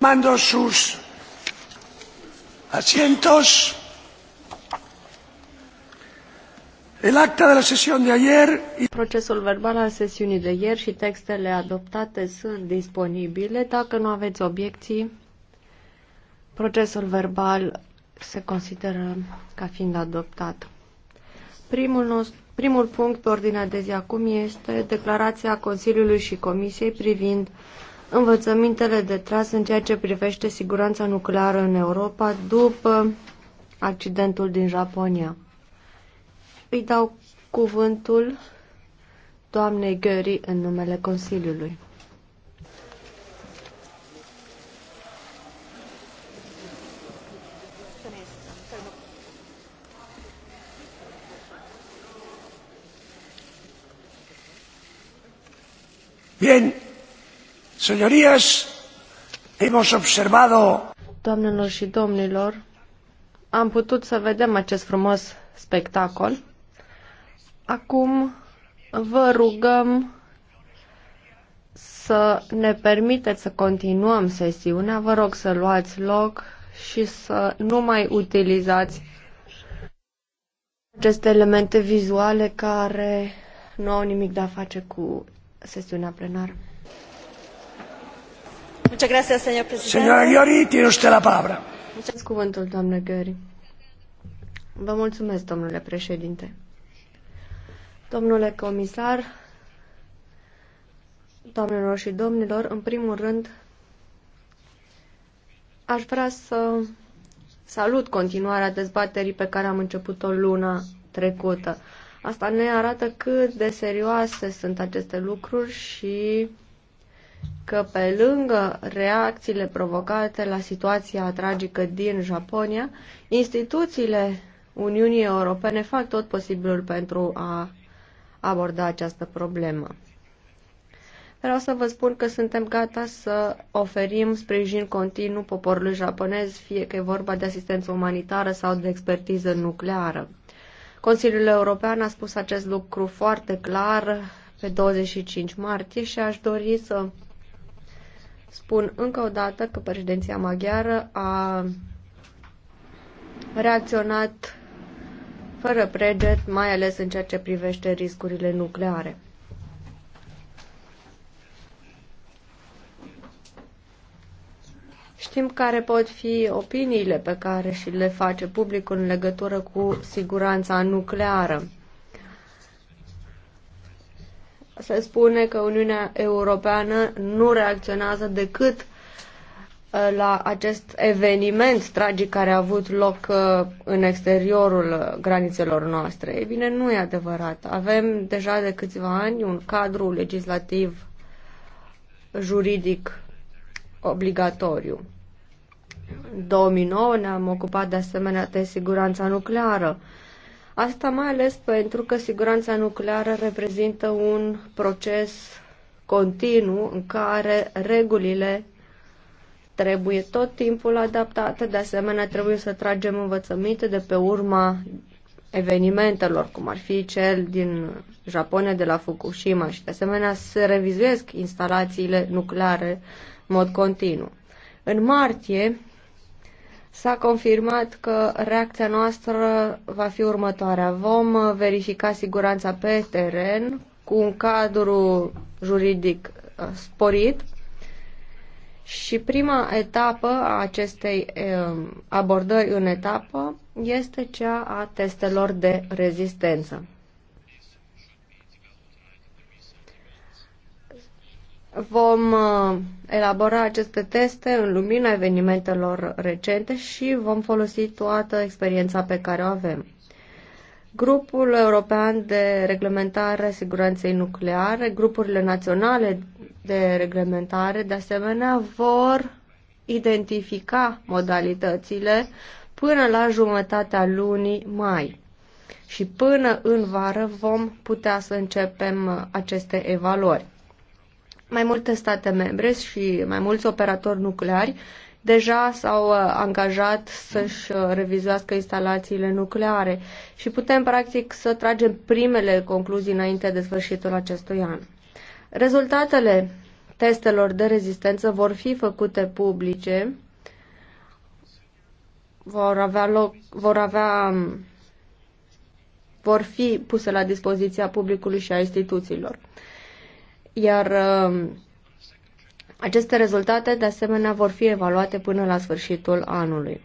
tomando sus asientos. El acta de la sesión de ayer y... Procesul verbal al sesiunii de ieri și textele adoptate sunt disponibile. Dacă nu aveți obiecții, procesul verbal se consideră ca fiind adoptat. Primul, nostru, primul punct pe ordinea de zi acum este declarația Consiliului și Comisiei privind învățămintele de tras în ceea ce privește siguranța nucleară în Europa după accidentul din Japonia. Îi dau cuvântul doamnei Gării în numele Consiliului. Bine. Doamnelor și domnilor, am putut să vedem acest frumos spectacol. Acum vă rugăm să ne permiteți să continuăm sesiunea. Vă rog să luați loc și să nu mai utilizați aceste elemente vizuale care nu au nimic de a face cu sesiunea plenară. Muchas gracias, señor presidente. Señora Ghiori, tiene usted la palabra. Mulțumesc cuvântul, doamnă Ghiori. Vă mulțumesc, domnule președinte. Domnule comisar, doamnelor și domnilor, în primul rând, aș vrea să salut continuarea dezbaterii pe care am început-o luna trecută. Asta ne arată cât de serioase sunt aceste lucruri și că pe lângă reacțiile provocate la situația tragică din Japonia, instituțiile Uniunii Europene fac tot posibilul pentru a aborda această problemă. Vreau să vă spun că suntem gata să oferim sprijin continuu poporului japonez, fie că e vorba de asistență umanitară sau de expertiză nucleară. Consiliul European a spus acest lucru foarte clar pe 25 martie și aș dori să Spun încă o dată că președinția maghiară a reacționat fără preget, mai ales în ceea ce privește riscurile nucleare. Știm care pot fi opiniile pe care și le face publicul în legătură cu siguranța nucleară se spune că Uniunea Europeană nu reacționează decât uh, la acest eveniment tragic care a avut loc uh, în exteriorul uh, granițelor noastre. Ei bine, nu e adevărat. Avem deja de câțiva ani un cadru legislativ juridic obligatoriu. În 2009 ne-am ocupat de asemenea de siguranța nucleară. Asta mai ales pentru că siguranța nucleară reprezintă un proces continuu în care regulile trebuie tot timpul adaptate, de asemenea trebuie să tragem învățăminte de pe urma evenimentelor, cum ar fi cel din Japonia de la Fukushima și de asemenea se revizuiesc instalațiile nucleare în mod continuu. În martie, S-a confirmat că reacția noastră va fi următoarea. Vom verifica siguranța pe teren cu un cadru juridic uh, sporit și prima etapă a acestei um, abordări în etapă este cea a testelor de rezistență. Vom uh, elabora aceste teste în lumina evenimentelor recente și vom folosi toată experiența pe care o avem. Grupul European de Reglementare a Siguranței Nucleare, grupurile naționale de reglementare, de asemenea, vor identifica modalitățile până la jumătatea lunii mai. Și până în vară vom putea să începem aceste evaluări. Mai multe state membre și mai mulți operatori nucleari deja s-au uh, angajat să-și uh, revizuiască instalațiile nucleare și putem practic să tragem primele concluzii înainte de sfârșitul acestui an. Rezultatele testelor de rezistență vor fi făcute publice, vor avea loc, vor avea vor fi puse la dispoziția publicului și a instituțiilor iar um, aceste rezultate, de asemenea, vor fi evaluate până la sfârșitul anului.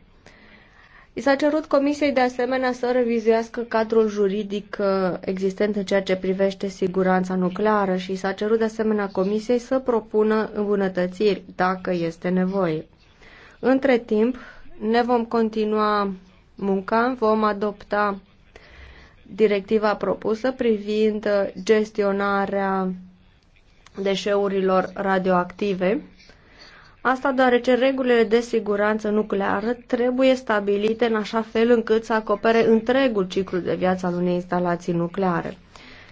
I s-a cerut Comisiei de asemenea să revizuiască cadrul juridic uh, existent în ceea ce privește siguranța nucleară și s-a cerut de asemenea Comisiei să propună îmbunătățiri dacă este nevoie. Între timp, ne vom continua munca, vom adopta directiva propusă privind gestionarea deșeurilor radioactive. Asta deoarece regulile de siguranță nucleară trebuie stabilite în așa fel încât să acopere întregul ciclu de viață al unei instalații nucleare.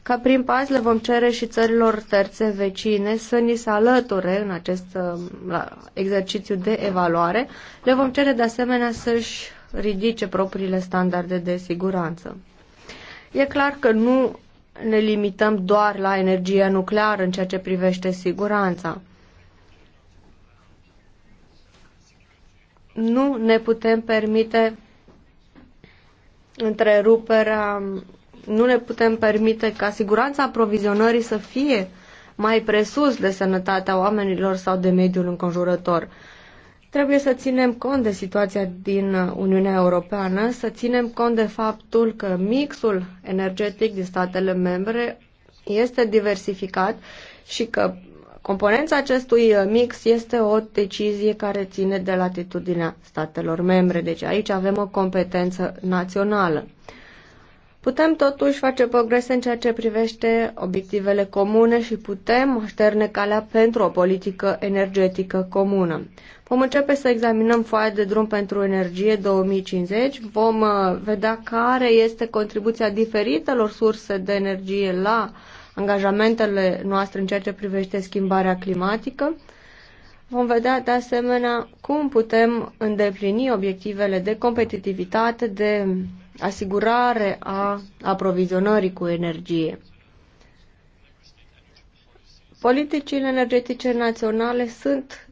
Ca prin pas le vom cere și țărilor terțe vecine să ni se alăture în acest uh, la, exercițiu de evaluare. Le vom cere de asemenea să-și ridice propriile standarde de siguranță. E clar că nu ne limităm doar la energia nucleară în ceea ce privește siguranța. Nu ne putem permite întreruperea, nu ne putem permite ca siguranța aprovizionării să fie mai presus de sănătatea oamenilor sau de mediul înconjurător. Trebuie să ținem cont de situația din Uniunea Europeană, să ținem cont de faptul că mixul energetic din statele membre este diversificat și că componența acestui mix este o decizie care ține de latitudinea statelor membre. Deci aici avem o competență națională. Putem totuși face progrese în ceea ce privește obiectivele comune și putem șterne calea pentru o politică energetică comună. Vom începe să examinăm foaia de drum pentru energie 2050, vom uh, vedea care este contribuția diferitelor surse de energie la angajamentele noastre în ceea ce privește schimbarea climatică. Vom vedea de asemenea cum putem îndeplini obiectivele de competitivitate, de asigurare a aprovizionării cu energie. Politicile energetice naționale sunt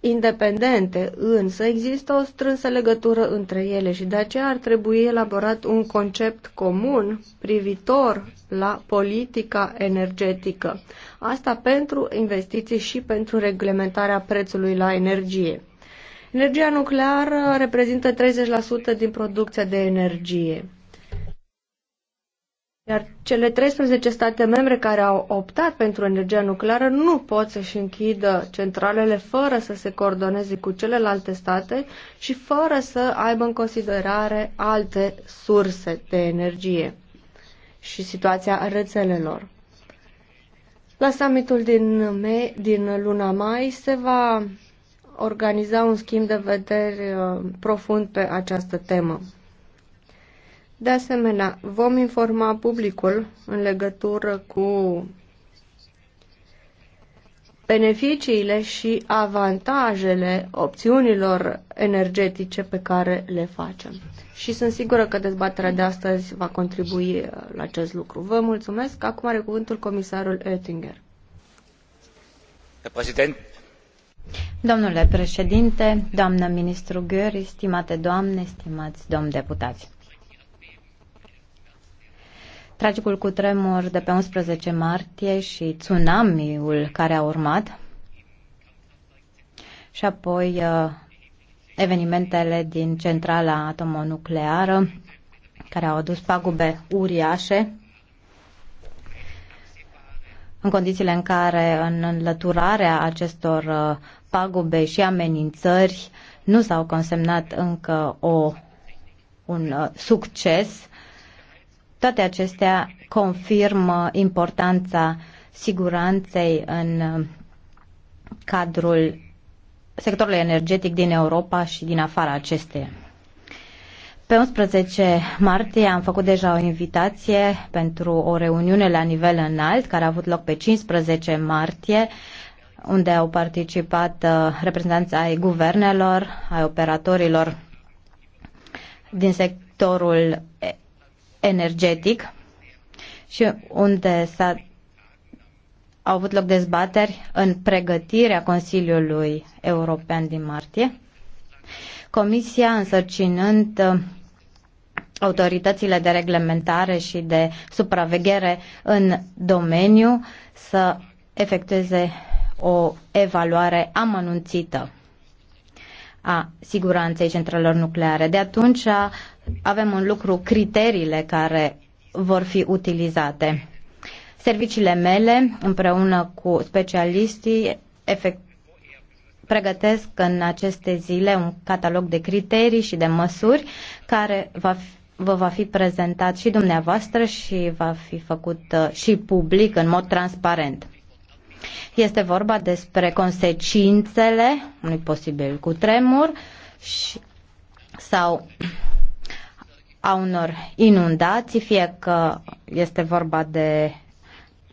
independente, însă există o strânsă legătură între ele și de aceea ar trebui elaborat un concept comun privitor la politica energetică. Asta pentru investiții și pentru reglementarea prețului la energie. Energia nucleară reprezintă 30% din producția de energie. Iar cele 13 state membre care au optat pentru energia nucleară nu pot să-și închidă centralele fără să se coordoneze cu celelalte state și fără să aibă în considerare alte surse de energie și situația rețelelor. La summitul din, din luna mai se va organiza un schimb de vederi uh, profund pe această temă. De asemenea, vom informa publicul în legătură cu beneficiile și avantajele opțiunilor energetice pe care le facem. Și sunt sigură că dezbaterea de astăzi va contribui uh, la acest lucru. Vă mulțumesc. Acum are cuvântul comisarul Oettinger. Herr Präsident, Domnule președinte, doamnă ministru Gheori, stimate doamne, stimați domn deputați. Tragicul cutremur de pe 11 martie și tsunamiul care a urmat și apoi uh, evenimentele din centrala atomonucleară care au adus pagube uriașe în condițiile în care în înlăturarea acestor uh, pagube și amenințări nu s-au consemnat încă o, un uh, succes, toate acestea confirmă importanța siguranței în uh, cadrul sectorului energetic din Europa și din afara acesteia. Pe 11 martie am făcut deja o invitație pentru o reuniune la nivel înalt care a avut loc pe 15 martie unde au participat uh, reprezentanți ai guvernelor, ai operatorilor din sectorul energetic și unde s-a au avut loc dezbateri în pregătirea Consiliului European din martie. Comisia, însărcinând uh, autoritățile de reglementare și de supraveghere în domeniu, să efectueze o evaluare amănunțită a siguranței centralelor nucleare. De atunci uh, avem un lucru criteriile care vor fi utilizate. Serviciile mele, împreună cu specialiștii, efect, pregătesc în aceste zile un catalog de criterii și de măsuri care va fi, vă va fi prezentat și dumneavoastră și va fi făcut uh, și public în mod transparent. Este vorba despre consecințele unui posibil cutremur și, sau a unor inundații, fie că este vorba de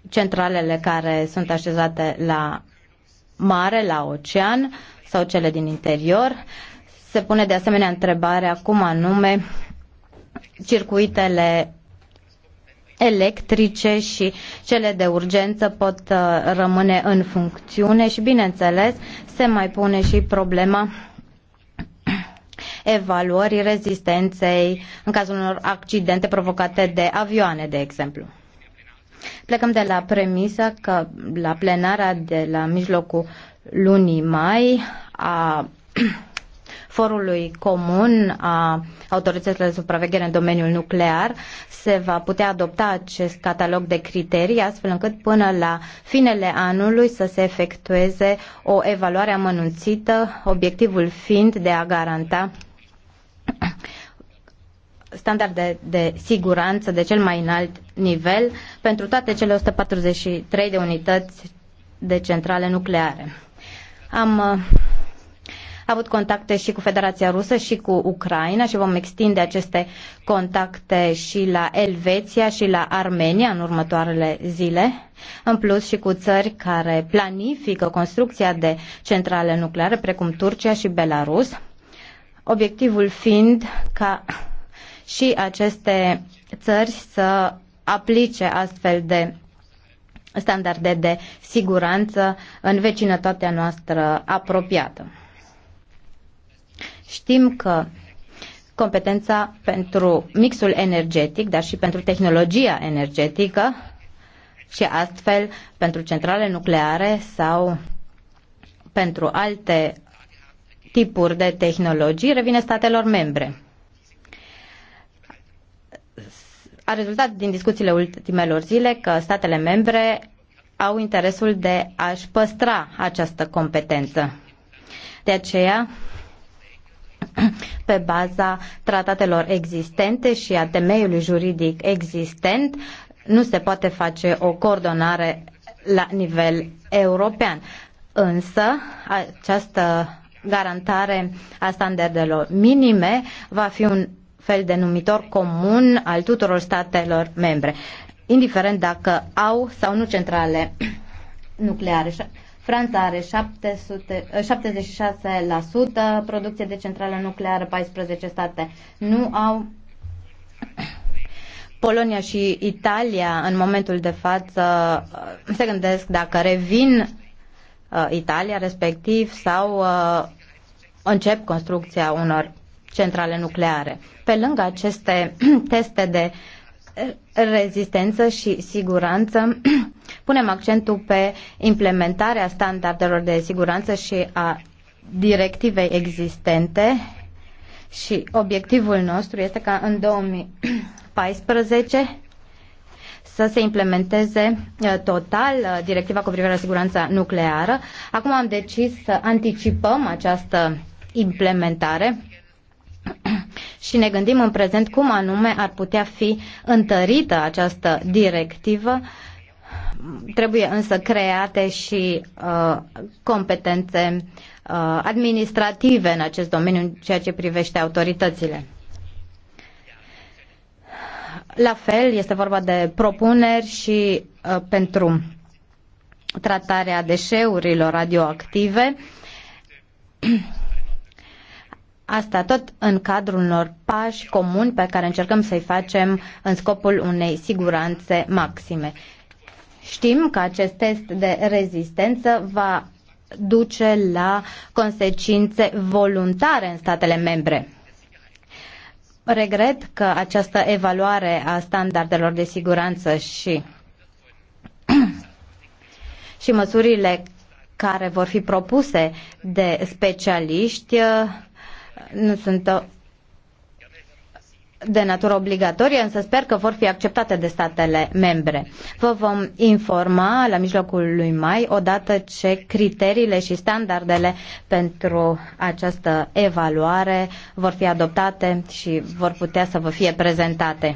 centralele care sunt așezate la mare, la ocean sau cele din interior. Se pune de asemenea întrebarea cum anume circuitele electrice și cele de urgență pot uh, rămâne în funcțiune și, bineînțeles, se mai pune și problema evaluării rezistenței în cazul unor accidente provocate de avioane, de exemplu. Plecăm de la premisa că la plenara de la mijlocul lunii mai a forului comun a autorităților de supraveghere în domeniul nuclear se va putea adopta acest catalog de criterii astfel încât până la finele anului să se efectueze o evaluare amănunțită, obiectivul fiind de a garanta standarde de siguranță de cel mai înalt nivel pentru toate cele 143 de unități de centrale nucleare. Am uh, avut contacte și cu Federația Rusă și cu Ucraina și vom extinde aceste contacte și la Elveția și la Armenia în următoarele zile, în plus și cu țări care planifică construcția de centrale nucleare, precum Turcia și Belarus, obiectivul fiind ca și aceste țări să aplice astfel de standarde de siguranță în vecinătatea noastră apropiată. Știm că competența pentru mixul energetic, dar și pentru tehnologia energetică și astfel pentru centrale nucleare sau pentru alte tipuri de tehnologii revine statelor membre. a rezultat din discuțiile ultimelor zile că statele membre au interesul de a-și păstra această competență. De aceea, pe baza tratatelor existente și a temeiului juridic existent, nu se poate face o coordonare la nivel european. Însă, această garantare a standardelor minime va fi un fel de numitor comun al tuturor statelor membre, indiferent dacă au sau nu centrale nucleare. Franța are 700, 76% eh, producție de centrală nucleară, 14 state nu au. Polonia și Italia, în momentul de față, eh, se gândesc dacă revin eh, Italia respectiv sau încep construcția unor centrale nucleare. Pe lângă aceste teste de eh, rezistență și siguranță, punem accentul pe implementarea standardelor de siguranță și a directivei existente și obiectivul nostru este ca în 2014 să se implementeze eh, total eh, directiva cu privire la siguranța nucleară. Acum am decis să anticipăm această implementare și ne gândim în prezent cum anume ar putea fi întărită această directivă. Trebuie însă create și uh, competențe uh, administrative în acest domeniu, în ceea ce privește autoritățile. La fel, este vorba de propuneri și uh, pentru tratarea deșeurilor radioactive. Asta tot în cadrul unor pași comuni pe care încercăm să-i facem în scopul unei siguranțe maxime. Știm că acest test de rezistență va duce la consecințe voluntare în statele membre. Regret că această evaluare a standardelor de siguranță și, și măsurile care vor fi propuse de specialiști nu sunt uh, de natură obligatorie, însă sper că vor fi acceptate de statele membre. Vă vom informa la mijlocul lui mai, odată ce criteriile și standardele pentru această evaluare vor fi adoptate și vor putea să vă fie prezentate.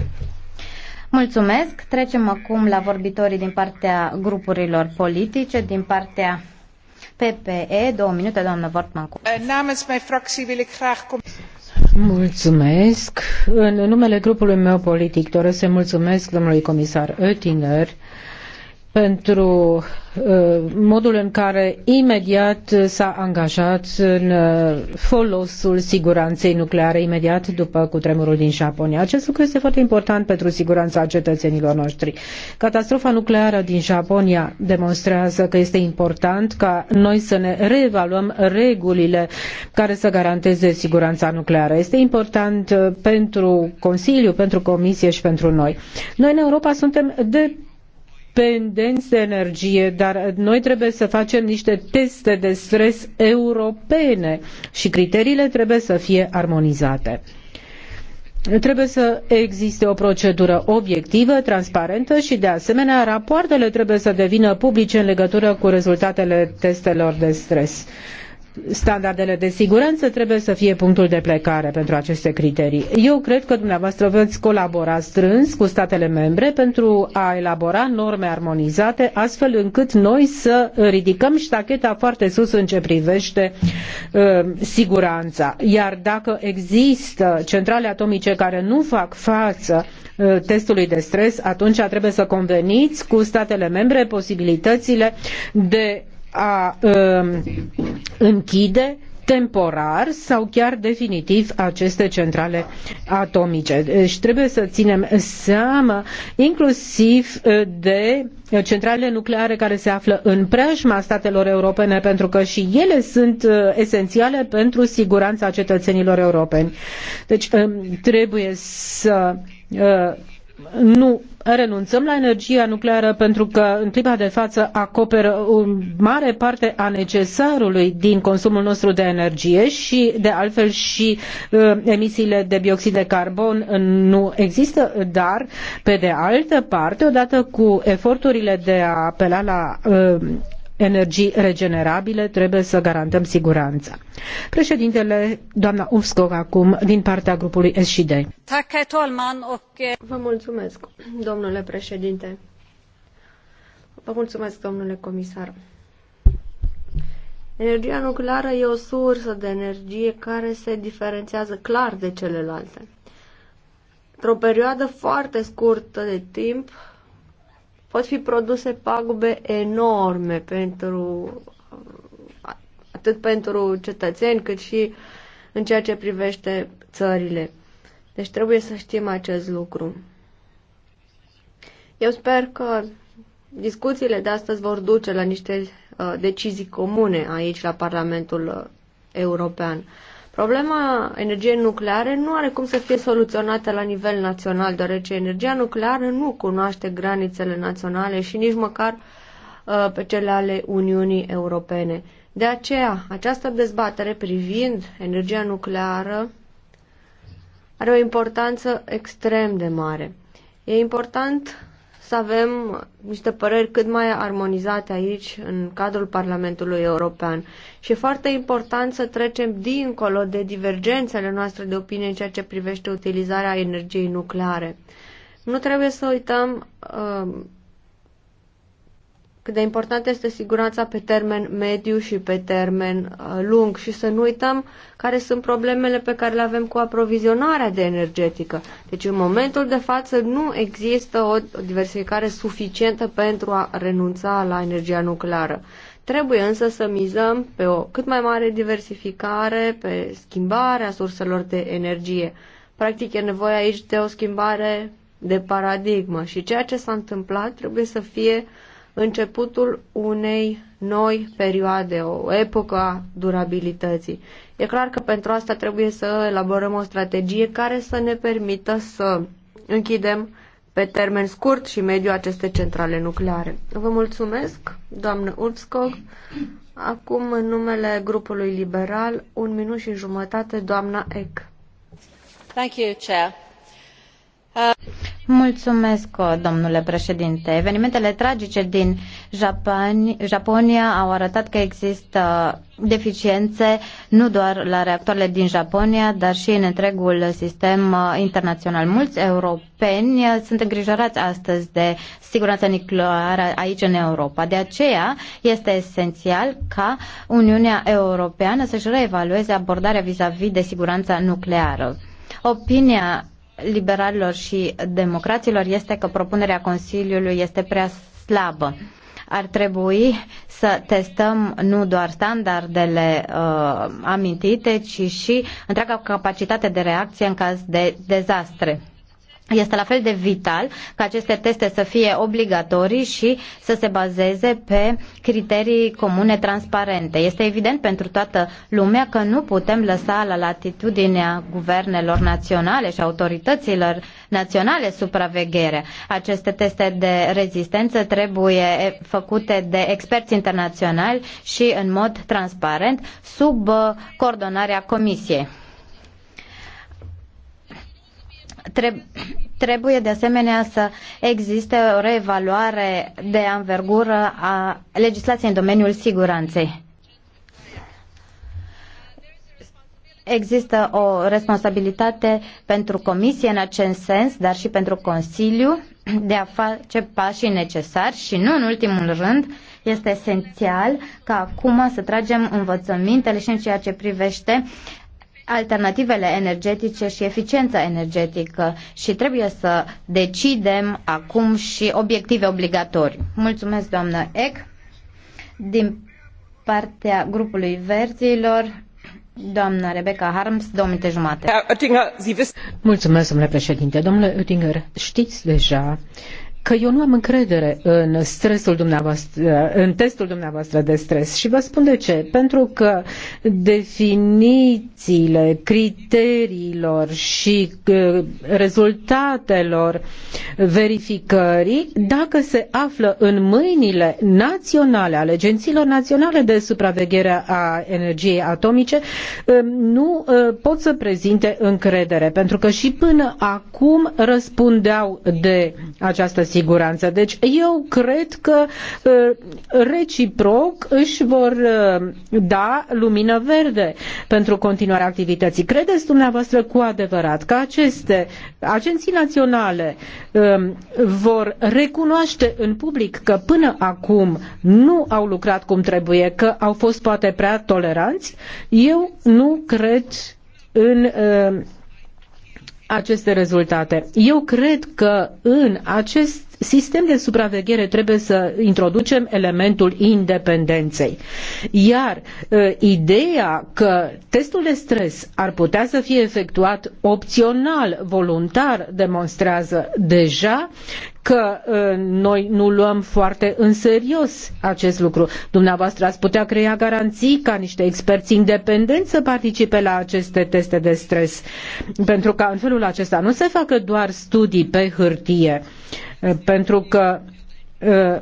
Mulțumesc. Trecem acum la vorbitorii din partea grupurilor politice, din partea PPE, două minute, doamnă Vortman. Eh, namens mijn fractie wil ik graag... Mulțumesc. În numele grupului meu politic doresc să mulțumesc domnului comisar Oettinger pentru uh, modul în care imediat s-a angajat în uh, folosul siguranței nucleare imediat după cutremurul din Japonia. Acest lucru este foarte important pentru siguranța cetățenilor noștri. Catastrofa nucleară din Japonia demonstrează că este important ca noi să ne reevaluăm regulile care să garanteze siguranța nucleară. Este important uh, pentru Consiliu, pentru Comisie și pentru noi. Noi în Europa suntem de dependenți de energie, dar noi trebuie să facem niște teste de stres europene și criteriile trebuie să fie armonizate. Trebuie să existe o procedură obiectivă, transparentă și, de asemenea, rapoartele trebuie să devină publice în legătură cu rezultatele testelor de stres standardele de siguranță trebuie să fie punctul de plecare pentru aceste criterii. Eu cred că dumneavoastră veți colabora strâns cu statele membre pentru a elabora norme armonizate, astfel încât noi să ridicăm ștacheta foarte sus în ce privește uh, siguranța. Iar dacă există centrale atomice care nu fac față uh, testului de stres, atunci trebuie să conveniți cu statele membre posibilitățile de a um, închide temporar sau chiar definitiv aceste centrale atomice. Deci trebuie să ținem seama inclusiv uh, de centralele nucleare care se află în preajma statelor europene, pentru că și ele sunt uh, esențiale pentru siguranța cetățenilor europeni. Deci um, trebuie să uh, nu renunțăm la energia nucleară pentru că în clipa de față acoperă o mare parte a necesarului din consumul nostru de energie și de altfel și uh, emisiile de bioxid de carbon nu există, dar pe de altă parte, odată cu eforturile de a apela la uh, energii regenerabile, trebuie să garantăm siguranța. Președintele, doamna Uscov, acum, din partea grupului SCD. Eh, Vă mulțumesc, domnule președinte. Vă mulțumesc, domnule comisar. Energia nucleară e o sursă de energie care se diferențiază clar de celelalte. Într-o perioadă foarte scurtă de timp, pot fi produse pagube enorme pentru atât pentru cetățeni cât și în ceea ce privește țările. Deci trebuie să știm acest lucru. Eu sper că discuțiile de astăzi vor duce la niște uh, decizii comune aici la Parlamentul uh, European. Problema energiei nucleare nu are cum să fie soluționată la nivel național, deoarece energia nucleară nu cunoaște granițele naționale și nici măcar uh, pe cele ale Uniunii Europene. De aceea, această dezbatere privind energia nucleară are o importanță extrem de mare. E important să avem niște păreri cât mai armonizate aici, în cadrul Parlamentului European. Și e foarte important să trecem dincolo de divergențele noastre de opinie în ceea ce privește utilizarea energiei nucleare. Nu trebuie să uităm uh, cât de importantă este siguranța pe termen mediu și pe termen uh, lung și să nu uităm care sunt problemele pe care le avem cu aprovizionarea de energetică. Deci în momentul de față nu există o diversificare suficientă pentru a renunța la energia nucleară. Trebuie însă să mizăm pe o cât mai mare diversificare, pe schimbarea surselor de energie. Practic e nevoie aici de o schimbare de paradigmă și ceea ce s-a întâmplat trebuie să fie uh, începutul unei noi perioade, o epocă a durabilității. E clar că pentru asta trebuie să elaborăm o strategie care să ne permită să închidem pe termen scurt și mediu aceste centrale nucleare. Vă mulțumesc, doamnă Urskog. Acum, în numele grupului liberal, un minut și jumătate, doamna Eck. Thank you, Chair. Mulțumesc, domnule președinte. Evenimentele tragice din Japani, Japonia au arătat că există deficiențe nu doar la reactoarele din Japonia, dar și în întregul sistem internațional. Mulți europeni sunt îngrijorați astăzi de siguranța nucleară aici în Europa. De aceea este esențial ca Uniunea Europeană să-și reevalueze abordarea vis-a-vis -vis de siguranța nucleară. Opinia liberalilor și democraților este că propunerea Consiliului este prea slabă. Ar trebui să testăm nu doar standardele uh, amintite, ci și întreaga capacitate de reacție în caz de dezastre. Este la fel de vital ca aceste teste să fie obligatorii și să se bazeze pe criterii comune transparente. Este evident pentru toată lumea că nu putem lăsa la latitudinea guvernelor naționale și autorităților naționale supraveghere. Aceste teste de rezistență trebuie făcute de experți internaționali și în mod transparent sub coordonarea Comisiei. Trebuie de asemenea să existe o reevaluare de anvergură a legislației în domeniul siguranței. Există o responsabilitate pentru Comisie în acest sens, dar și pentru Consiliu de a face pașii necesari și nu în ultimul rând este esențial ca acum să tragem învățămintele și în ceea ce privește uh, alternativele energetice și eficiența energetică și trebuie să decidem acum și obiective obligatorii. Mulțumesc, doamnă Eck. Din partea grupului verzilor, doamna Rebecca Harms, două minute jumate. Mulțumesc, domnule președinte. Domnule Oettinger, știți deja că eu nu am încredere în stresul dumneavoastră, în testul dumneavoastră de stres și vă spun de ce. Pentru că definițiile criteriilor și uh, rezultatelor verificării, dacă se află în mâinile naționale, ale agențiilor naționale de supraveghere a energiei atomice, uh, nu uh, pot să prezinte încredere, pentru că și până acum răspundeau de această situație siguranță. Deci eu cred că uh, reciproc își vor uh, da lumină verde pentru continuarea activității. Credeți dumneavoastră cu adevărat că aceste agenții naționale um, vor recunoaște în public că până acum nu au lucrat cum trebuie, că au fost poate prea toleranți? Eu nu cred în uh, aceste rezultate. Eu cred că în acest sistem de supraveghere trebuie să introducem elementul independenței. Iar ă, ideea că testul de stres ar putea să fie efectuat opțional, voluntar, demonstrează deja că ă, noi nu luăm foarte în serios acest lucru. Dumneavoastră ați putea crea garanții ca niște experți independenți să participe la aceste teste de stres, pentru ca în felul acesta nu se facă doar studii pe hârtie, Eh, pentru că eh,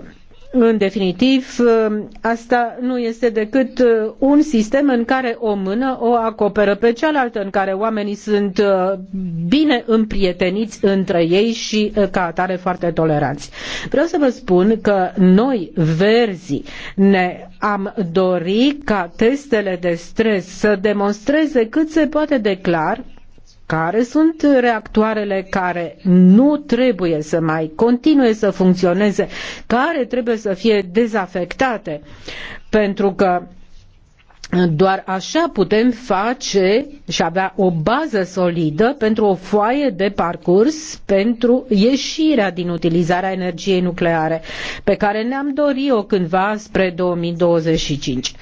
în definitiv, eh, asta nu este decât un sistem în care o mână o acoperă pe cealaltă, în care oamenii sunt bine împrieteniți între ei și ca atare foarte toleranți. Vreau să vă spun că noi, verzi ne am dorit ca testele de stres să demonstreze cât se poate de clar care sunt reactoarele care nu trebuie să mai continue să funcționeze, care trebuie să fie dezafectate, pentru că doar așa putem face și avea o bază solidă pentru o foaie de parcurs pentru ieșirea din utilizarea energiei nucleare, pe care ne-am dorit-o cândva spre 2025.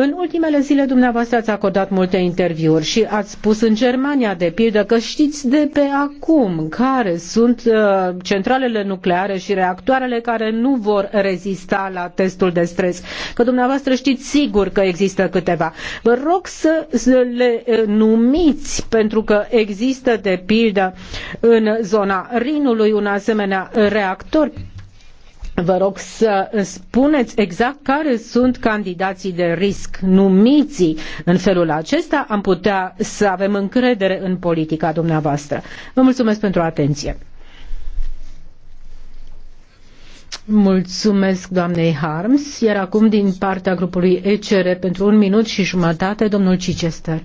În ultimele zile dumneavoastră ați acordat multe interviuri și ați spus în Germania, de pildă, că știți de pe acum care sunt uh, centralele nucleare și reactoarele care nu vor rezista la testul de stres, că dumneavoastră știți sigur că există câteva. Vă rog să, să le uh, numiți, pentru că există, de pildă, în zona Rinului un asemenea reactor Vă rog să spuneți exact care sunt candidații de risc numiți în felul acesta. Am putea să avem încredere în politica dumneavoastră. Vă mulțumesc pentru atenție. Mulțumesc doamnei Harms, iar acum din partea grupului ECR pentru un minut și jumătate, domnul Chichester.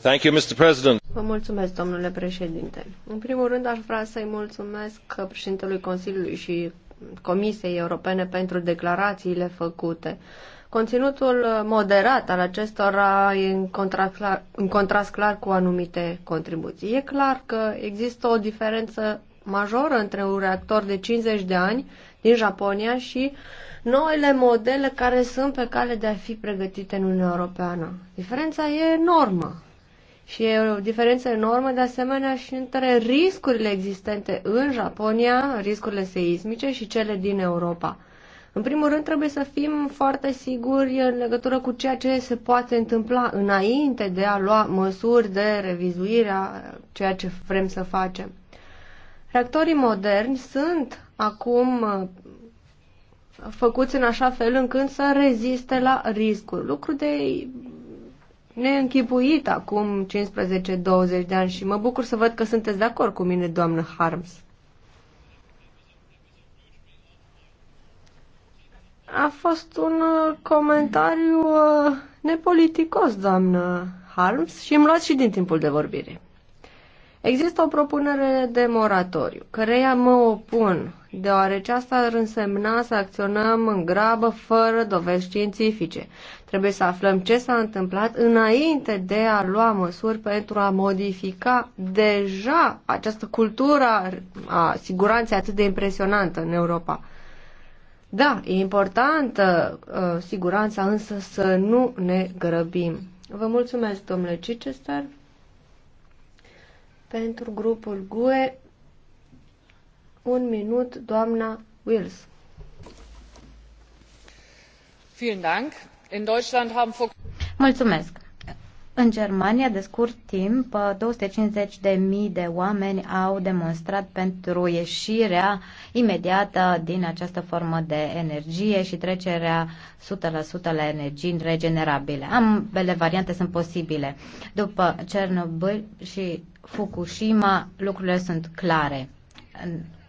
Thank you, Mr. President. Vă mulțumesc, domnule președinte. În primul rând, aș vrea să-i mulțumesc președintelui Consiliului și Comisiei Europene pentru declarațiile făcute. Conținutul moderat al acestora e în contrast, clar, în contrast clar cu anumite contribuții. E clar că există o diferență majoră între un reactor de 50 de ani din Japonia și noile modele care sunt pe cale de a fi pregătite în Uniunea Europeană. Diferența e enormă. Și e o diferență enormă de asemenea și între riscurile existente în Japonia, riscurile seismice și cele din Europa. În primul rând trebuie să fim foarte siguri în legătură cu ceea ce se poate întâmpla înainte de a lua măsuri de revizuire a ceea ce vrem să facem. Reactorii moderni sunt acum uh, făcuți în așa fel încât să reziste la riscuri, lucru de neînchipuit acum 15-20 de ani și mă bucur să văd că sunteți de acord cu mine, doamnă Harms. A fost un uh, comentariu uh, nepoliticos, doamnă Harms, și îmi luați și din timpul de vorbire. Există o propunere de moratoriu, căreia mă opun, deoarece asta ar însemna să acționăm în grabă fără dovezi științifice. Trebuie să aflăm ce s-a întâmplat înainte de a lua măsuri pentru a modifica deja această cultură a siguranței atât de impresionantă în Europa. Da, e importantă uh, siguranța, însă să nu ne grăbim. Vă mulțumesc, domnule Chichester, pentru grupul GUE. Un minut, doamna Wills. Vielen Dank. Mulțumesc. În Germania, de scurt timp, 250.000 de oameni au demonstrat pentru ieșirea imediată din această formă de energie și trecerea 100% la energii regenerabile. Ambele variante sunt posibile. După Cernobâl și Fukushima, lucrurile sunt clare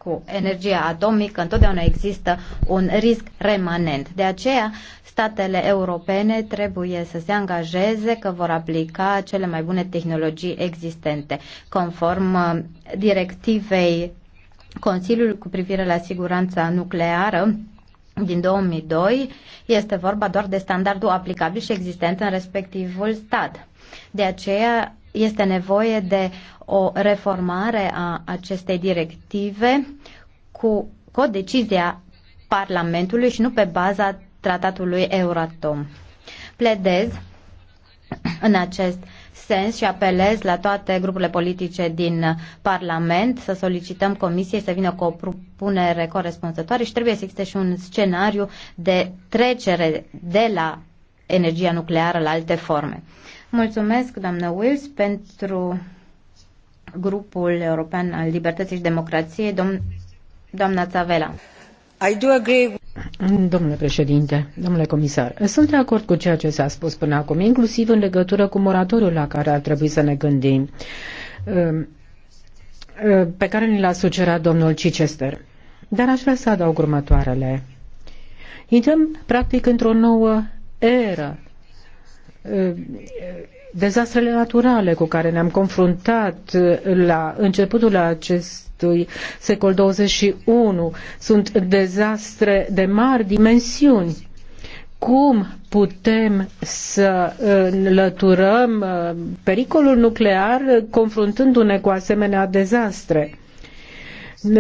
cu energia atomică, întotdeauna există un risc remanent. De aceea, statele europene trebuie să se angajeze că vor aplica cele mai bune tehnologii existente, conform uh, directivei Consiliului cu privire la siguranța nucleară din 2002 este vorba doar de standardul aplicabil și existent în respectivul stat. De aceea este nevoie de o reformare a acestei directive cu codecizia Parlamentului și nu pe baza tratatului Euratom. Pledez în acest sens și apelez la toate grupurile politice din Parlament să solicităm Comisiei să vină cu o propunere corespunzătoare și trebuie să existe și un scenariu de trecere de la energia nucleară la alte forme. Mulțumesc, doamnă Wills, pentru grupul european al libertății și democrației, dom- doamna Țavela. I do agree Domnule președinte, domnule comisar, sunt de acord cu ceea ce s-a spus până acum, inclusiv în legătură cu moratoriul la care ar trebui să ne gândim, um, uh, pe care ni l-a sugerat domnul Chichester. Dar aș vrea să adaug următoarele. Intrăm, practic, într-o nouă eră uh, dezastrele naturale cu care ne-am confruntat uh, la începutul acestui secol 21 sunt dezastre de mari dimensiuni. Cum putem să uh, înlăturăm uh, pericolul nuclear confruntându-ne cu asemenea dezastre?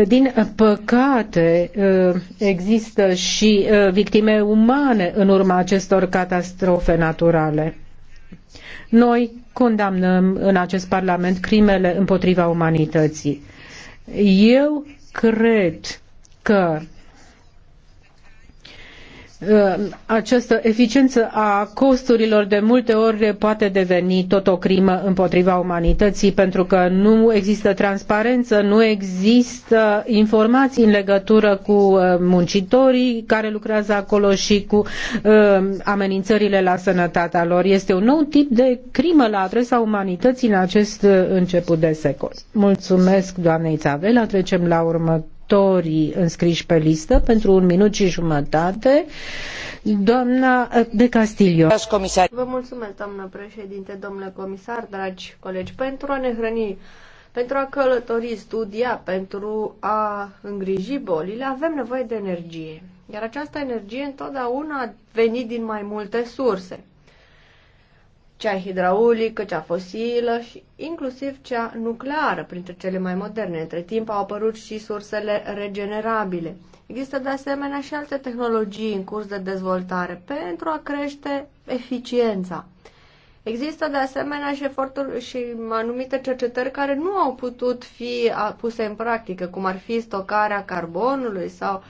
Din păcate, există și victime umane în urma acestor catastrofe naturale. Noi condamnăm în acest Parlament crimele împotriva umanității. Eu cred că Uh, această eficiență a costurilor de multe ori poate deveni tot o crimă împotriva umanității pentru că nu există transparență, nu există informații în legătură cu uh, muncitorii care lucrează acolo și cu uh, amenințările la sănătatea lor. Este un nou tip de crimă la adresa umanității în acest început de secol. Mulțumesc doamnei Țavela, trecem la următoarea oratorii înscriși pe listă pentru un minut și jumătate. Doamna eh, de Castilio. Vă mulțumesc, doamnă președinte, domnule comisar, dragi colegi, pentru a ne hrăni pentru a călători, studia, pentru a îngriji bolile, avem nevoie de energie. Iar această energie întotdeauna a venit din mai multe surse cea hidraulică, cea fosilă și inclusiv cea nucleară, printre cele mai moderne. Între timp au apărut și sursele regenerabile. Există de asemenea și alte tehnologii în curs de dezvoltare pentru a crește eficiența. Există de asemenea și eforturi și anumite cercetări care nu au putut fi puse în practică, cum ar fi stocarea carbonului sau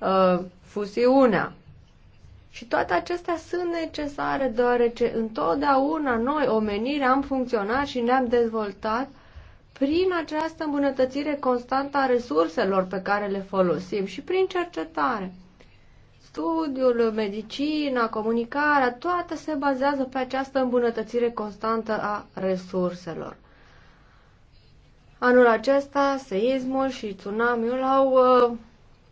uh, fusiunea. Și toate acestea sunt necesare deoarece întotdeauna noi, omenire am funcționat și ne-am dezvoltat prin această îmbunătățire constantă a resurselor pe care le folosim și prin cercetare. Studiul, medicina, comunicarea, toate se bazează pe această îmbunătățire constantă a resurselor. Anul acesta, seismul și tsunamiul au uh,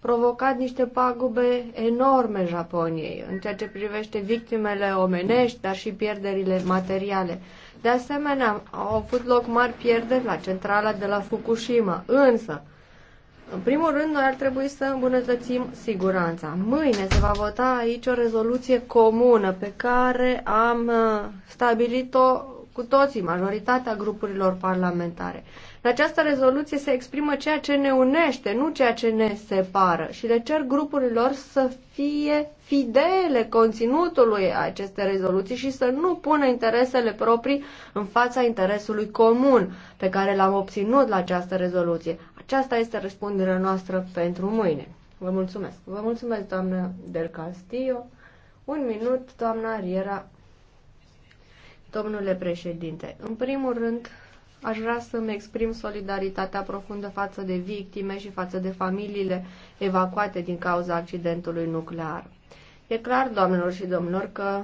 provocat niște pagube enorme Japoniei în ceea ce privește victimele omenești, dar și pierderile materiale. De asemenea, au avut loc mari pierderi la centrala de la Fukushima, însă, în primul rând, noi ar trebui să îmbunătățim siguranța. Mâine se va vota aici o rezoluție comună pe care am uh, stabilit-o cu toții, majoritatea grupurilor parlamentare. În această rezoluție se exprimă ceea ce ne unește, nu ceea ce ne separă și le cer grupurilor să fie fidele conținutului acestei rezoluții și să nu pună interesele proprii în fața interesului comun pe care l-am obținut la această rezoluție. Aceasta este răspunderea noastră pentru mâine. Vă mulțumesc. Vă mulțumesc, doamnă Del Castillo. Un minut, doamna Riera. Domnule președinte, în primul rând Aș vrea să-mi exprim solidaritatea profundă față de victime și față de familiile evacuate din cauza accidentului nuclear. E clar, doamnelor și domnilor, că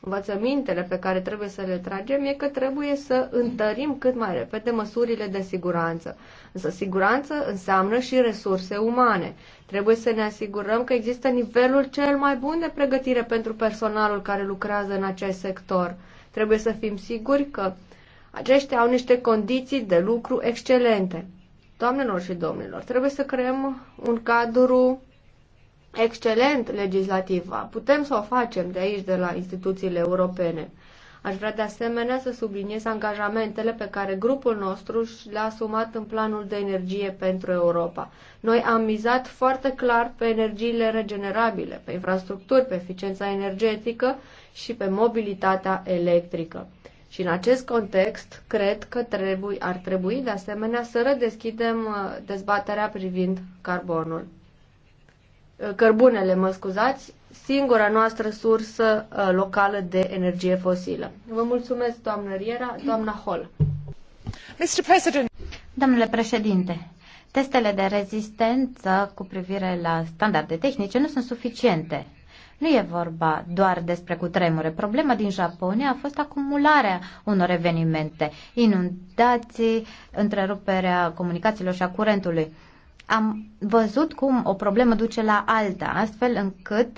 învățămintele pe care trebuie să le tragem e că trebuie să întărim cât mai repede măsurile de siguranță. Însă siguranță înseamnă și resurse umane. Trebuie să ne asigurăm că există nivelul cel mai bun de pregătire pentru personalul care lucrează în acest sector. Trebuie să fim siguri că aceștia au niște condiții de lucru excelente. Doamnelor și domnilor, trebuie să creăm un cadru excelent legislativ. Putem să o facem de aici, de la instituțiile europene. Aș vrea de asemenea să subliniez angajamentele pe care grupul nostru și le-a asumat în planul de energie pentru Europa. Noi am mizat foarte clar pe energiile regenerabile, pe infrastructuri, pe eficiența energetică și pe mobilitatea electrică. Și în acest context, cred că trebuie, ar trebui de asemenea să redeschidem uh, dezbaterea privind carbonul. Uh, cărbunele, mă scuzați, singura noastră sursă uh, locală de energie fosilă. Vă mulțumesc, doamnă Riera, doamna Hall. Mr. President. Domnule președinte, testele de rezistență cu privire la standarde tehnice nu sunt suficiente. Nu e vorba doar despre cutremure. Problema din Japonia a fost acumularea unor evenimente, inundații, întreruperea comunicațiilor și a curentului. Am văzut cum o problemă duce la alta, astfel încât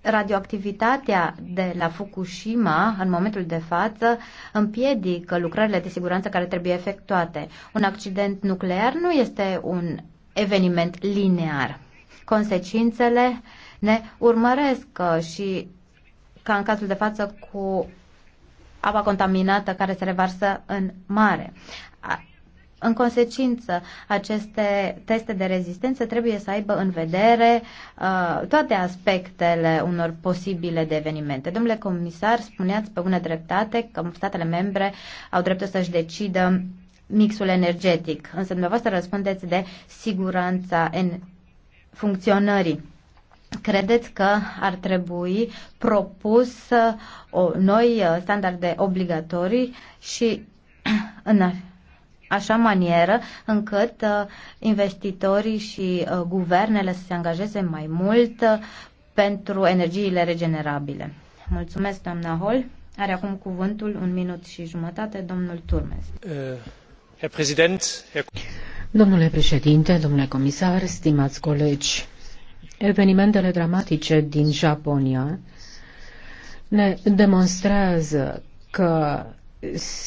radioactivitatea de la Fukushima, în momentul de față, împiedică lucrările de siguranță care trebuie efectuate. Un accident nuclear nu este un eveniment linear. Consecințele uh, ne urmăresc uh, și ca în cazul de față cu apa contaminată care se revarsă în mare. În consecință, aceste teste de rezistență trebuie să aibă în vedere uh, toate aspectele unor posibile de evenimente. Domnule comisar, spuneați pe bună dreptate că statele membre au dreptul să-și decidă mixul energetic, însă dumneavoastră răspundeți de siguranța în funcționării Credeți că ar trebui propus uh, o noi uh, standarde obligatorii și în așa manieră încât uh, investitorii și guvernele să se angajeze mai mult pentru energiile regenerabile. Mulțumesc, doamna Hol. Are acum cuvântul un minut și jumătate, domnul Turmes. Domnule președinte, domnule comisar, stimați colegi, Evenimentele dramatice din Japonia ne demonstrează că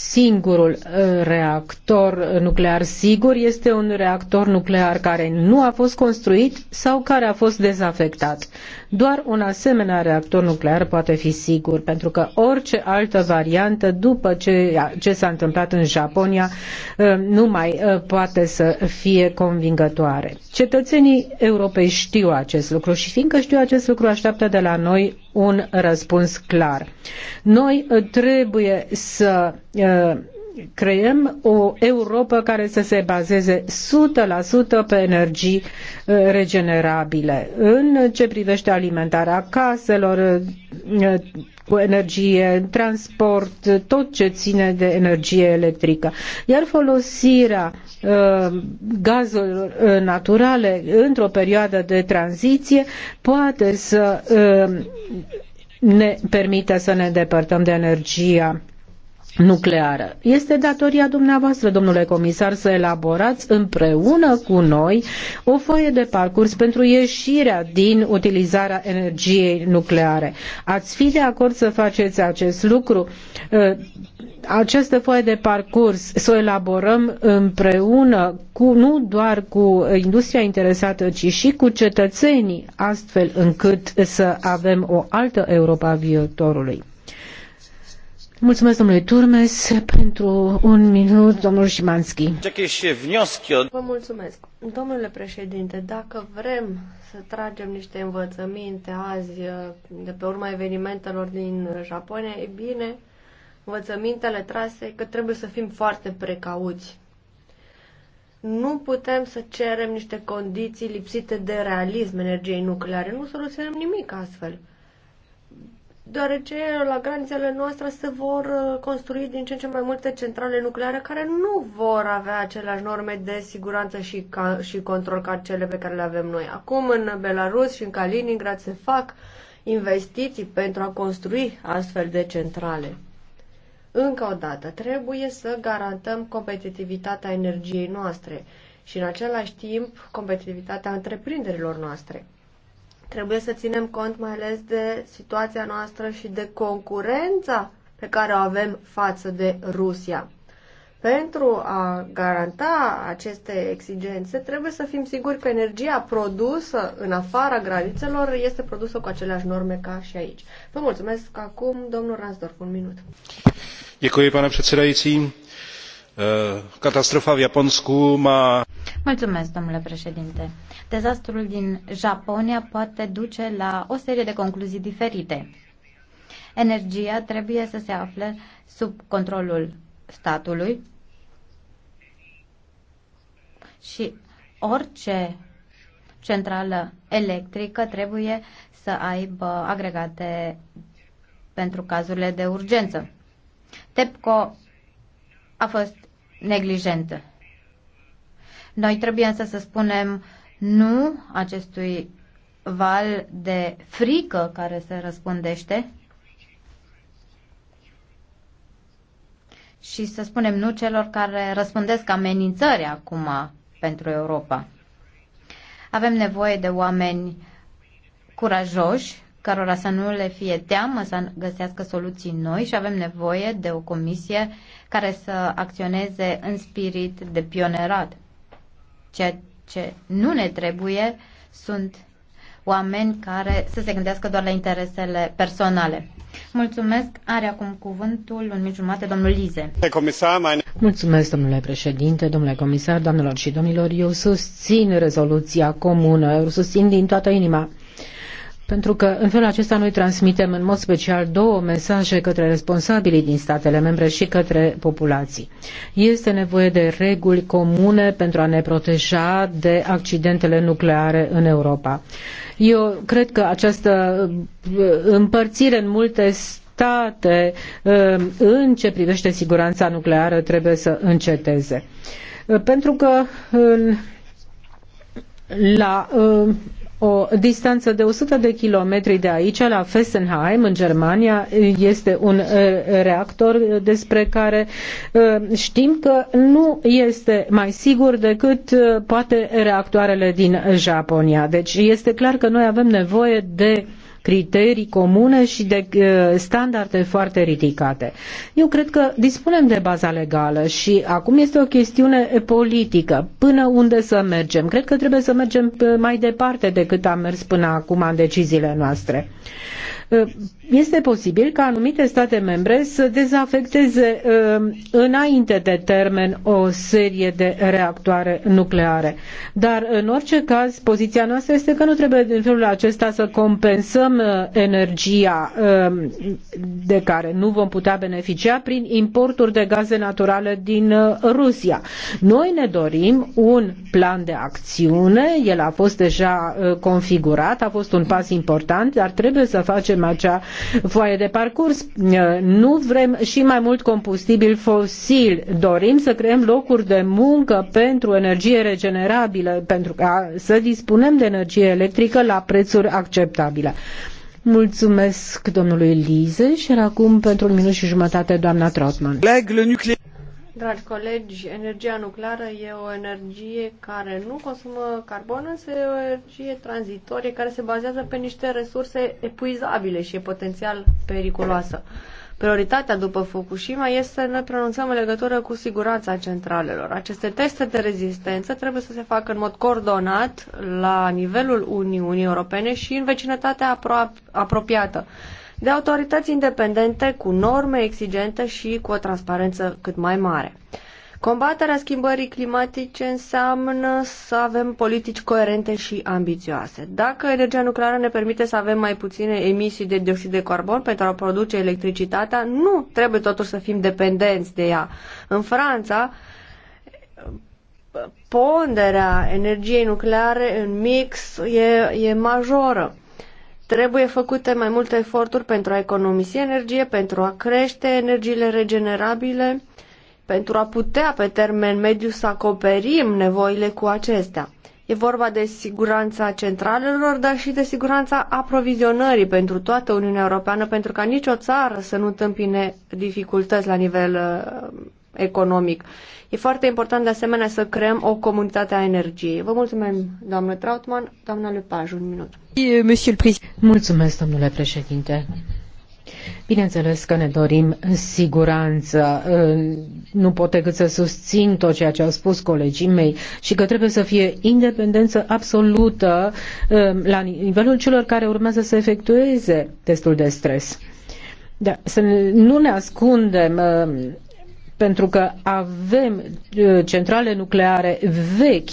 singurul uh, reactor nuclear sigur este un reactor nuclear care nu a fost construit sau care a fost dezafectat. Doar un asemenea reactor nuclear poate fi sigur, pentru că orice altă variantă, după ce, ce s-a întâmplat în Japonia, ă, nu mai ă, poate să fie convingătoare. Cetățenii Europei știu acest lucru și fiindcă știu acest lucru, așteaptă de la noi un răspuns clar. Noi ă, trebuie să creăm o Europa care să se bazeze 100% pe energii uh, regenerabile. În ce privește alimentarea caselor, uh, cu energie, transport, tot ce ține de energie electrică. Iar folosirea uh, gazelor naturale într-o perioadă de tranziție poate să ne permită să ne îndepărtăm de energia nucleară. Este datoria dumneavoastră, domnule comisar, să elaborați împreună cu noi o foaie de parcurs pentru ieșirea din utilizarea energiei nucleare. Ați fi de acord să faceți acest lucru? Uh, această foaie de parcurs să o elaborăm împreună cu, nu doar cu industria interesată, ci și cu cetățenii, astfel încât să avem o altă Europa viitorului. Mulțumesc domnule Turmes pentru un minut, domnul Șimanski. Vă mulțumesc. Domnule președinte, dacă vrem să tragem niște învățăminte azi uh, de pe urma evenimentelor din Japonia, e bine, învățămintele trase că trebuie să fim foarte precauți. Nu putem să cerem niște condiții lipsite de realism energiei nucleare. Nu soluționăm nimic astfel deoarece la granițele noastre se vor uh, construi din ce în ce mai multe centrale nucleare care nu vor avea aceleași norme de siguranță și, ca, și control ca cele pe care le avem noi. Acum în Belarus și în Kaliningrad se fac investiții pentru a construi astfel de centrale. Încă o dată, trebuie să garantăm competitivitatea energiei noastre și în același timp competitivitatea întreprinderilor noastre. Trebuie să ținem cont mai ales de situația noastră și de concurența pe care o avem față de Rusia. Pentru a garanta aceste exigențe, trebuie să fim siguri că energia produsă în afara granițelor este produsă cu aceleași norme ca și aici. Vă mulțumesc acum, domnul Ransdorf, un minut. Děkuji, pane předsedající Uh, catastrofa în Japonsku ma... Mulțumesc, domnule președinte. Dezastrul din Japonia poate duce la o serie de concluzii diferite. Energia trebuie să se afle sub controlul statului și orice centrală electrică trebuie să aibă agregate pentru cazurile de urgență. TEPCO a fost neglijentă. Noi trebuie însă să spunem nu acestui val de frică care se răspândește și să spunem nu celor care răspândesc amenințări acum pentru Europa. Avem nevoie de oameni curajoși cărora să nu le fie teamă să găsească soluții noi și avem nevoie de o comisie care să acționeze în spirit de pionerat. Ceea ce nu ne trebuie sunt oameni care să se gândească doar la interesele personale. Mulțumesc. Are acum cuvântul un mic jumate, domnul Lize. Mulțumesc, domnule președinte, domnule comisar, doamnelor și domnilor. Eu susțin rezoluția comună, eu susțin din toată inima pentru că în felul acesta noi transmitem în mod special două mesaje către responsabilii din statele membre și către populații. Este nevoie de reguli comune pentru a ne proteja de accidentele nucleare în Europa. Eu cred că această uh, împărțire în multe state uh, în ce privește siguranța nucleară trebuie să înceteze. Uh, pentru că la o distanță de 100 de kilometri de aici, la Fessenheim, în Germania, este un reactor despre care știm că nu este mai sigur decât poate reactoarele din Japonia. Deci este clar că noi avem nevoie de uh, criterii comune și de uh, standarde foarte ridicate. Eu cred că dispunem de baza legală și acum este o chestiune politică. Până unde să mergem? Cred că trebuie să mergem uh, mai departe decât am mers până acum în deciziile noastre. Ă, este posibil ca anumite state membre să dezafecteze ă, înainte de termen o serie de reactoare nucleare. Dar, în orice caz, poziția noastră este că nu trebuie în felul acesta să compensăm ă, energia de care nu vom putea beneficia prin importuri de gaze naturale din Rusia. Noi ne dorim un plan de acțiune, el a fost deja configurat, a fost un pas important, dar trebuie să facem facem acea foaie de parcurs. Ă, nu vrem și mai mult combustibil fosil. Dorim să creăm locuri de muncă pentru energie regenerabilă, pentru ca să dispunem de energie electrică la prețuri acceptabile. Mulțumesc domnului Lize și acum pentru un minut și jumătate doamna Trotman. Dragi colegi, energia nucleară e o energie care nu consumă carbon, însă e o energie tranzitorie care se bazează pe niște resurse epuizabile și e potențial periculoasă. Prioritatea după Fukushima este să ne pronunțăm în legătură cu siguranța centralelor. Aceste teste de rezistență trebuie să se facă în mod coordonat la nivelul Uniunii Europene și în vecinătatea apro- apropiată de autorități independente cu norme exigente și cu o transparență cât mai mare. Combaterea schimbării climatice înseamnă să avem politici coerente și ambițioase. Dacă energia nucleară ne permite să avem mai puține emisii de dioxid de carbon pentru a produce electricitatea, nu trebuie totuși să fim dependenți de ea. În Franța, ponderea energiei nucleare în mix e, e majoră. Trebuie făcute mai multe eforturi pentru a economisi energie, pentru a crește energiile regenerabile, pentru a putea pe termen mediu să acoperim nevoile cu acestea. E vorba de siguranța centralelor, dar și de siguranța aprovizionării pentru toată Uniunea Europeană, pentru ca nicio țară să nu întâmpine dificultăți la nivel uh, economic. E foarte important de asemenea să creăm o comunitate a energiei. Vă mulțumim, doamnă Trautmann. Doamna Lepaj, un minut. Mulțumesc, domnule președinte. Bineînțeles că ne dorim siguranță. Uh, nu pot decât să susțin tot ceea ce au spus colegii mei și că trebuie să fie independență absolută uh, la nivelul celor care urmează să efectueze testul de stres. Da, să nu ne ascundem uh, pentru că avem uh, centrale nucleare vechi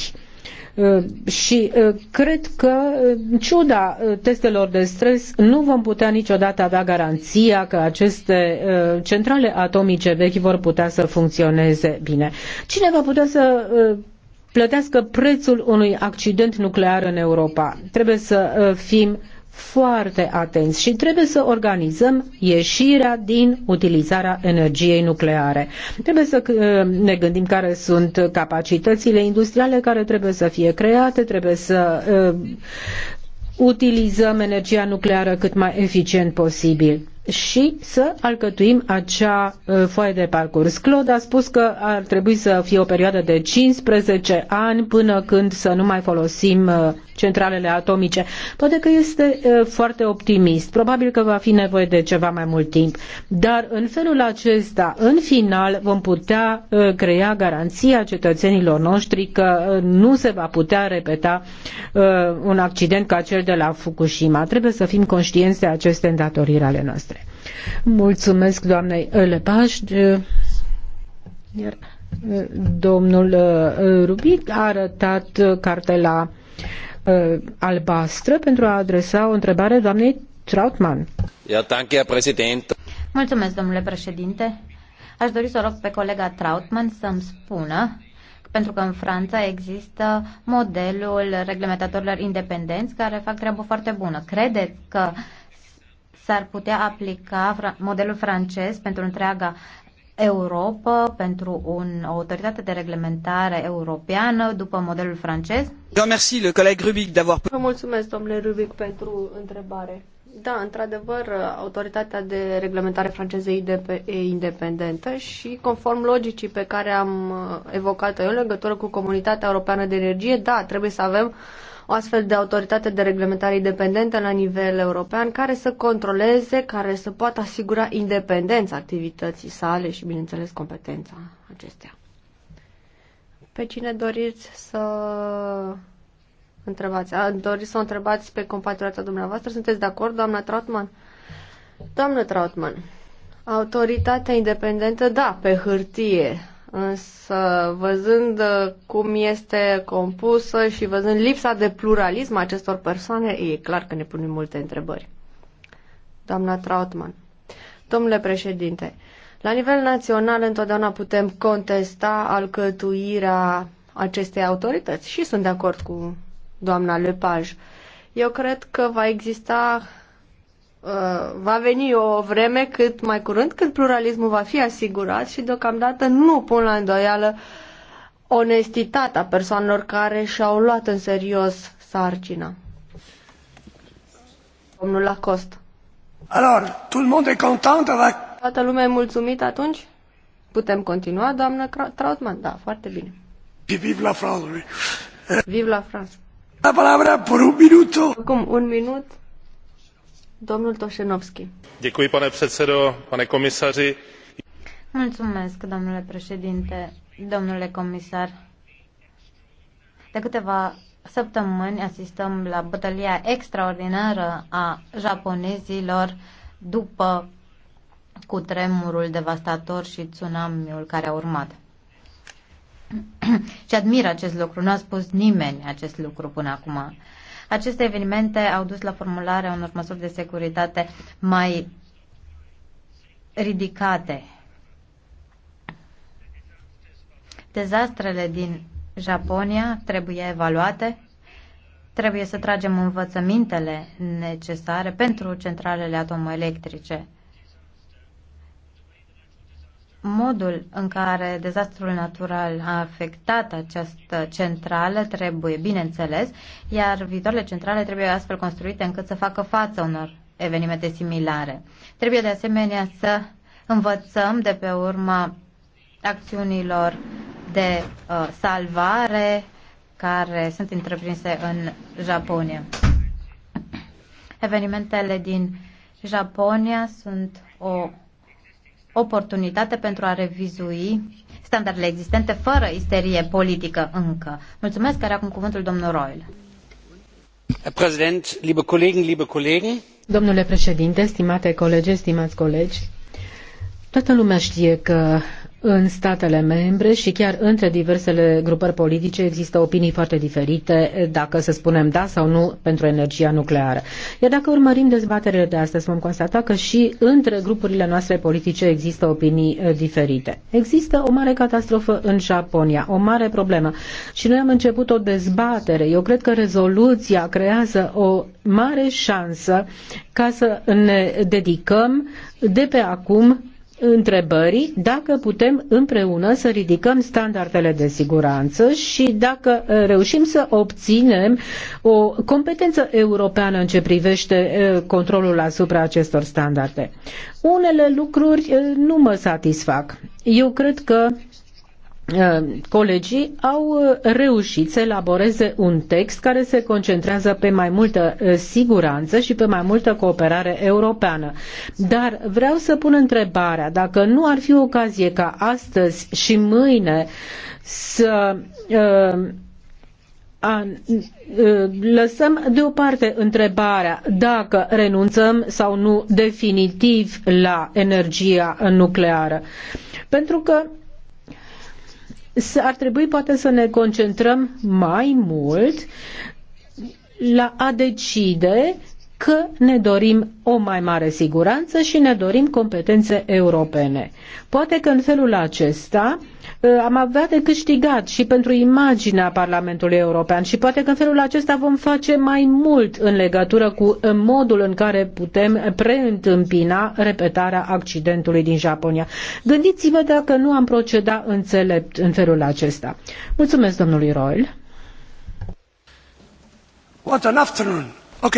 uh, și uh, cred că, în ciuda testelor de stres, nu vom putea niciodată avea garanția că aceste centrale atomice vechi vor putea să funcționeze bine. Cine va putea să plătească prețul unui accident nuclear în Europa? Trebuie să fim foarte atenți și trebuie să organizăm ieșirea din utilizarea energiei nucleare. Trebuie să uh, ne gândim care sunt capacitățile industriale care trebuie să fie create, trebuie să uh, utilizăm energia nucleară cât mai eficient posibil și să alcătuim acea uh, foaie de parcurs. Claude a spus că ar trebui să fie o perioadă de 15 ani până când să nu mai folosim uh, centralele atomice. Poate că este uh, foarte optimist. Probabil că va fi nevoie de ceva mai mult timp. Dar în felul acesta, în final, vom putea crea garanția cetățenilor noștri că nu se va putea repeta un accident ca cel de la Fukushima. Trebuie să fim conștienți de aceste îndatoriri ale noastre noastre. Mulțumesc doamnei Lepaș. domnul uh, Rubic a arătat cartela uh, albastră pentru a adresa o întrebare doamnei Trautmann. Ja, danke, Herr Präsident. Mulțumesc, domnule președinte. Aș dori să rog pe colega Trautmann să-mi spună pentru că în Franța există modelul reglementatorilor independenți care fac treabă foarte bună. Credeți că s-ar putea aplica modelul francez pentru întreaga Europa, pentru un, o autoritate de reglementare europeană după modelul francez? Vă mulțumesc, domnule Rubic, pentru întrebare. Da, într-adevăr, autoritatea de reglementare franceză e independentă și conform logicii pe care am uh, evocat-o eu în legătură cu Comunitatea Europeană de Energie, da, trebuie să avem o astfel de autoritate de reglementare independentă la nivel european care să controleze, care să poată asigura independența activității sale și, bineînțeles, competența acestea. Pe cine doriți să întrebați? doriți să o întrebați pe compatriota dumneavoastră? Sunteți de acord, doamna Trautmann? Doamnă Trautmann, autoritatea independentă, da, pe hârtie, Însă, văzând uh, cum este compusă și văzând lipsa de pluralism acestor persoane, e clar că ne punem multe întrebări. Doamna Trautmann. Domnule președinte, la nivel național întotdeauna putem contesta alcătuirea acestei autorități și sunt de acord cu doamna Lepaj. Eu cred că va exista Uh, va veni o vreme cât mai curând când pluralismul va fi asigurat și deocamdată nu pun la îndoială onestitatea persoanelor care și-au luat în serios sarcina. Domnul Lacost. Alors, tout le monde est content avec... Toată lumea e mulțumită atunci? Putem continua, doamnă Trautmann? Da, foarte bine. Vive la France. Vive la France. La palabra por un minuto. Acum un minut pane předsedo, pane komisaři. domnule președinte, domnule comisar. De câteva săptămâni asistăm la bătălia extraordinară a japonezilor după cutremurul devastator și tsunamiul care a urmat. și admir acest lucru, nu a spus nimeni acest lucru până acum. Aceste evenimente au dus la formularea unor măsuri de securitate mai ridicate. Dezastrele din Japonia trebuie evaluate, trebuie să tragem învățămintele necesare pentru centralele atomoelectrice modul în care dezastrul natural a afectat această centrală trebuie bineînțeles, iar viitoarele centrale trebuie astfel construite încât să facă față unor evenimente similare. Trebuie de asemenea să învățăm de pe urma acțiunilor de uh, salvare care sunt întreprinse în Japonia. Evenimentele din Japonia sunt o oportunitate pentru a revizui standardele existente fără isterie politică încă. Mulțumesc, care acum cuvântul domnul Royle. Domnule președinte, stimate colegi, stimați colegi, toată lumea știe că în statele membre și chiar între diversele grupări politice există opinii foarte diferite dacă să spunem da sau nu pentru energia nucleară. Iar dacă urmărim dezbaterile de astăzi, vom constata că și între grupurile noastre politice există opinii eh, diferite. Există o mare catastrofă în Japonia, o mare problemă și noi am început o dezbatere. Eu cred că rezoluția creează o mare șansă ca să ne dedicăm de pe acum întrebării dacă putem împreună să ridicăm standardele de siguranță și dacă uh, reușim să obținem o competență europeană în ce privește uh, controlul asupra acestor standarde. Unele lucruri uh, nu mă satisfac. Eu cred că Uh, colegii au uh, reușit să elaboreze un text care se concentrează pe mai multă uh, siguranță și pe mai multă cooperare europeană. Dar vreau să pun întrebarea dacă nu ar fi ocazie ca astăzi și mâine să uh, a, lăsăm deoparte întrebarea dacă renunțăm sau nu definitiv la energia nucleară. Pentru că ar trebui poate să ne concentrăm mai mult la a decide că ne dorim o mai mare siguranță și ne dorim competențe europene. Poate că în felul acesta Eh, am avea de câștigat și pentru imaginea Parlamentului European și poate că în felul acesta vom face mai mult în legătură cu eh, modul în care putem preîntâmpina repetarea accidentului din Japonia. Gândiți-vă dacă nu am proceda înțelept în felul acesta. Mulțumesc domnului Royal. What an afternoon. Ok,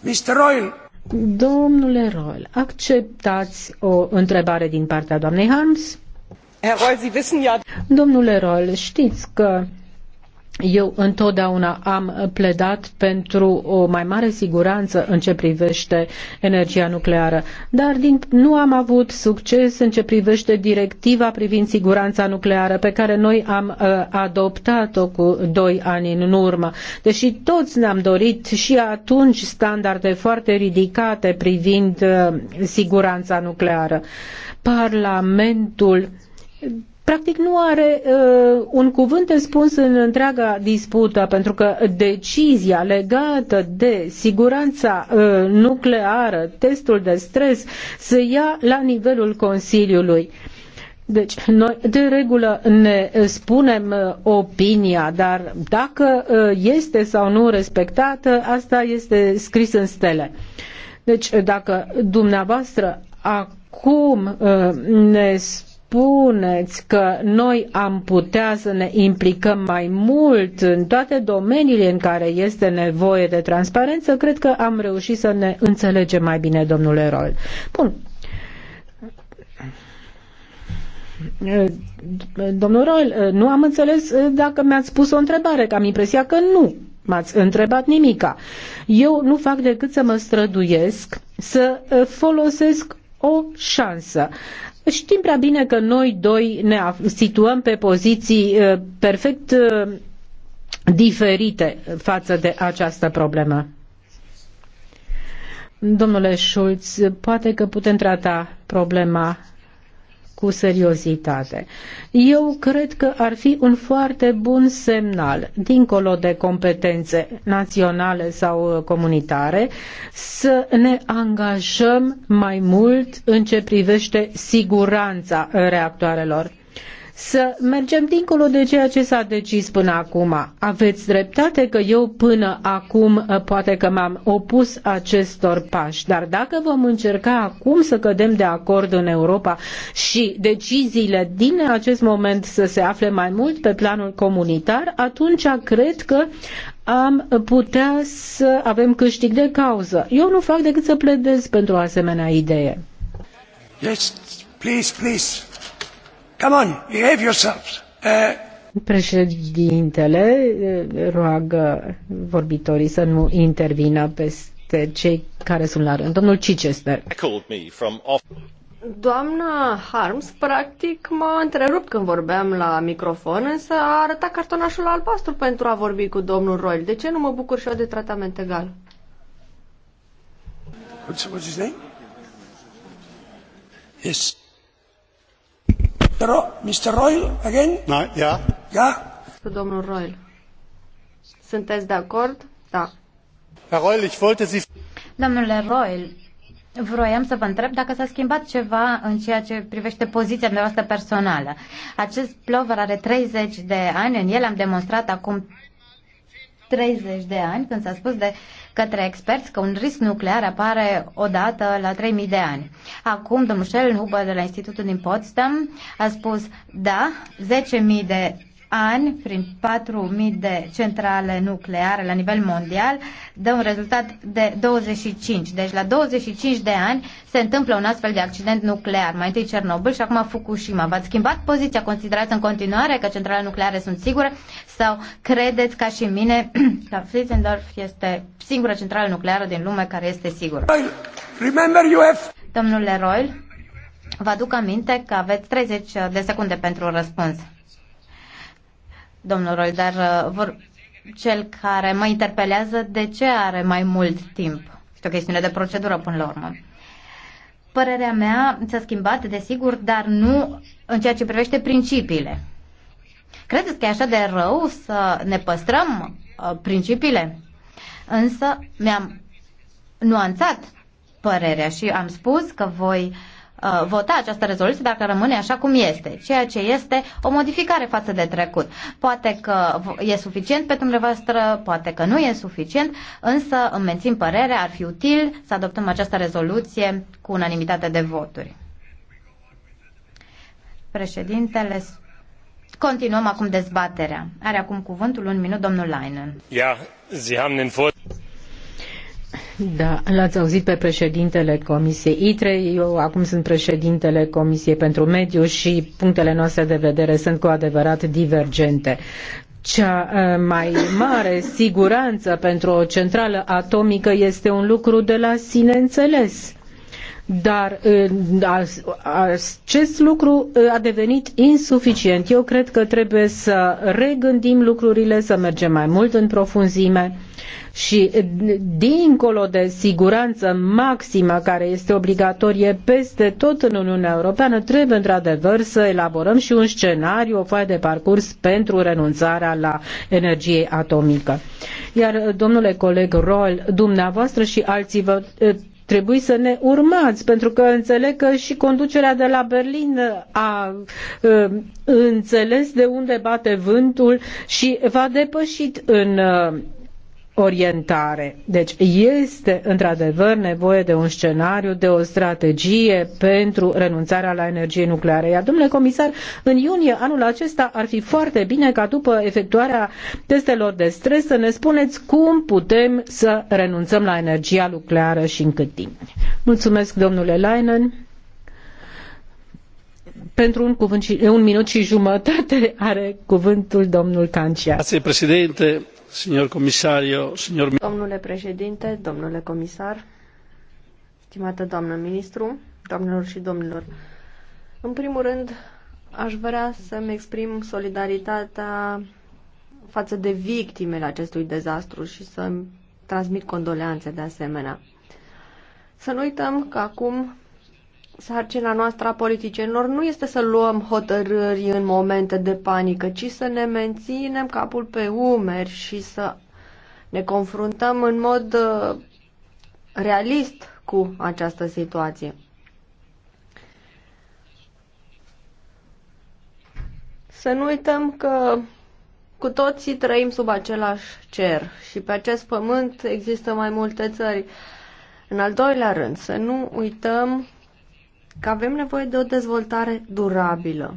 Mr. Royal, Domnule Royal, acceptați o întrebare din partea doamnei Harms? Domnule Roll, știți că eu întotdeauna am pledat pentru o mai mare siguranță în ce privește energia nucleară, dar din, nu am avut succes în ce privește directiva privind siguranța nucleară pe care noi am uh, adoptat-o cu doi ani în urmă. Deși toți ne-am dorit și atunci standarde foarte ridicate privind uh, siguranța nucleară. Parlamentul practic nu are uh, un cuvânt de spus în întreaga dispută, pentru că decizia legată de siguranța uh, nucleară, testul de stres, se ia la nivelul Consiliului. Deci, noi de regulă ne spunem uh, opinia, dar dacă uh, este sau nu respectată, asta este scris în stele. Deci, dacă dumneavoastră acum uh, ne spuneți spuneți că noi am putea să ne implicăm mai mult în toate domeniile în care este nevoie de transparență, cred că am reușit să ne înțelegem mai bine, domnule Rol. Bun. Domnul Roel, nu am înțeles dacă mi-ați spus o întrebare, că am impresia că nu m-ați întrebat nimica. Eu nu fac decât să mă străduiesc să folosesc o șansă. Știm prea bine că noi doi ne situăm pe poziții uh, perfect uh, diferite față de această problemă. Domnule Schulz, poate că putem trata problema cu seriozitate. Eu cred că ar fi un foarte bun semnal, dincolo de competențe naționale sau uh, comunitare, să ne angajăm mai mult în ce privește siguranța reactoarelor să mergem dincolo de ceea ce s-a decis până acum. Aveți dreptate că eu până acum ă, poate că m-am opus acestor pași, dar dacă vom încerca acum să cădem de acord în Europa și deciziile din acest moment să se afle mai mult pe planul comunitar, atunci cred că am putea să avem câștig de cauză. Eu nu fac decât să pledez pentru o asemenea idee. Yes, please, please. Come on, behave yourselves. Eh? Președintele eh, roagă vorbitorii să nu intervină peste cei care sunt la rând. Domnul Chichester. Doamna Harms, practic, m-a întrerupt când vorbeam la microfon, însă a arătat cartonașul albastru pentru a vorbi cu domnul Roy. De ce nu mă bucur și eu de tratament egal? What's, what's his name? Yes. Mr. Royal, again? No, yeah. Yeah. domnul Royal. Sunteți de acord? Da. Herr Royal, ich wollte Sie... Domnule Royal, Vroiam să vă întreb dacă s-a schimbat ceva în ceea ce privește poziția dumneavoastră personală. Acest plover are 30 de ani, în el am demonstrat acum 30 de ani, când s-a spus de către experți că un risc nuclear apare odată la 3000 de ani. Acum, domnul Huber de la Institutul din Potsdam a spus, da, 10.000 de ani, prin 4.000 de centrale nucleare la nivel mondial, dă un rezultat de 25. Deci la 25 de ani se întâmplă un astfel de accident nuclear. Mai întâi Cernobâl și acum Fukushima. V-ați schimbat poziția? Considerați în continuare că centralele nucleare sunt sigure? Sau credeți ca și mine că Flitzendorf este singura centrală nucleară din lume care este sigură? Remember you have... Domnule Royal, vă aduc aminte că aveți 30 de secunde pentru răspuns domnul Roldar, dar uh, vor, cel care mă interpelează de ce are mai mult timp. Este o chestiune de procedură până la urmă. Părerea mea s-a schimbat, desigur, dar nu în ceea ce privește principiile. Credeți că e așa de rău să ne păstrăm uh, principiile? Însă mi-am nuanțat părerea și am spus că voi uh, Uh, vota această rezoluție dacă rămâne așa cum este, ceea ce este o modificare față de trecut. Poate că e suficient pentru dumneavoastră, poate că nu e suficient, însă îmi mențin părerea, ar fi util să adoptăm această rezoluție cu unanimitate de voturi. Președintele Continuăm acum dezbaterea. Are acum cuvântul un minut domnul Leinen. Ja, Sie haben den da, l-ați auzit pe președintele Comisiei ITRE, eu acum sunt președintele Comisiei pentru Mediu și punctele noastre de vedere sunt cu adevărat divergente cea uh, mai mare siguranță pentru o centrală atomică este un lucru de la sine înțeles. Dar uh, acest lucru uh, a devenit insuficient. Eu cred că trebuie să regândim lucrurile, să mergem mai mult în profunzime și dincolo de siguranță maximă care este obligatorie peste tot în Uniunea Europeană, trebuie într-adevăr să elaborăm și un scenariu, o foaie de parcurs pentru renunțarea la energie atomică. Iar, domnule coleg Roll, dumneavoastră și alții vă trebuie să ne urmați, pentru că înțeleg că și conducerea de la Berlin a înțeles de unde bate vântul și v-a depășit în orientare. Deci este într-adevăr nevoie de un scenariu, de o strategie pentru renunțarea la energie nucleară. Iar, domnule comisar, în iunie anul acesta ar fi foarte bine ca după efectuarea testelor de stres să ne spuneți cum putem să renunțăm la energia nucleară și în cât timp. Mulțumesc, domnule Leinen pentru un, cuvânt și, un minut și jumătate are cuvântul domnul Cancia. președinte, signor comisario, signor... Domnule președinte, domnule comisar, stimată doamnă ministru, doamnelor și domnilor, în primul rând aș vrea să-mi exprim solidaritatea față de victimele acestui dezastru și să transmit condoleanțe de asemenea. Să nu uităm că acum sarcina noastră a politicienilor nu este să luăm hotărâri în momente de panică, ci să ne menținem capul pe umeri și să ne confruntăm în mod uh, realist cu această situație. Să nu uităm că cu toții trăim sub același cer și pe acest pământ există mai multe țări. În al doilea rând, să nu uităm că avem nevoie de o dezvoltare durabilă.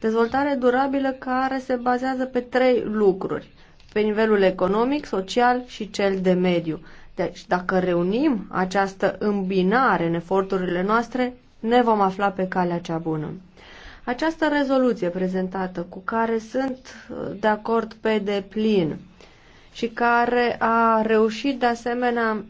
Dezvoltare durabilă care se bazează pe trei lucruri, pe nivelul economic, social și cel de mediu. Deci, dacă reunim această îmbinare în eforturile noastre, ne vom afla pe calea cea bună. Această rezoluție prezentată, cu care sunt uh, de acord pe deplin și care a reușit de asemenea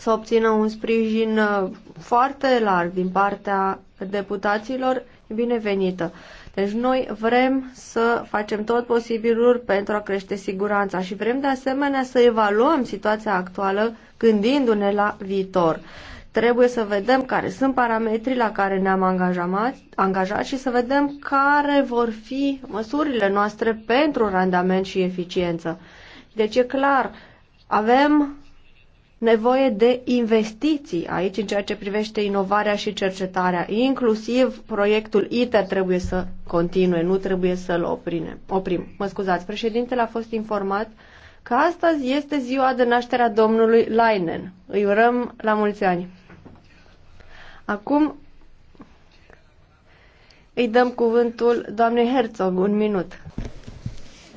să obțină un sprijin uh, foarte larg din partea deputaților, binevenită. Deci noi vrem să facem tot posibilul pentru a crește siguranța și vrem de asemenea să evaluăm situația actuală gândindu-ne la viitor. Trebuie să vedem care sunt parametrii la care ne-am angajat, angajat și să vedem care vor fi măsurile noastre pentru randament și eficiență. Deci e clar, avem nevoie de investiții aici în ceea ce privește inovarea și cercetarea. Inclusiv proiectul ITER trebuie să continue, nu trebuie să-l oprine. oprim. Mă scuzați, președintele a fost informat că astăzi este ziua de naștere a domnului Lainen. Îi urăm la mulți ani. Acum îi dăm cuvântul doamnei Herzog, un minut.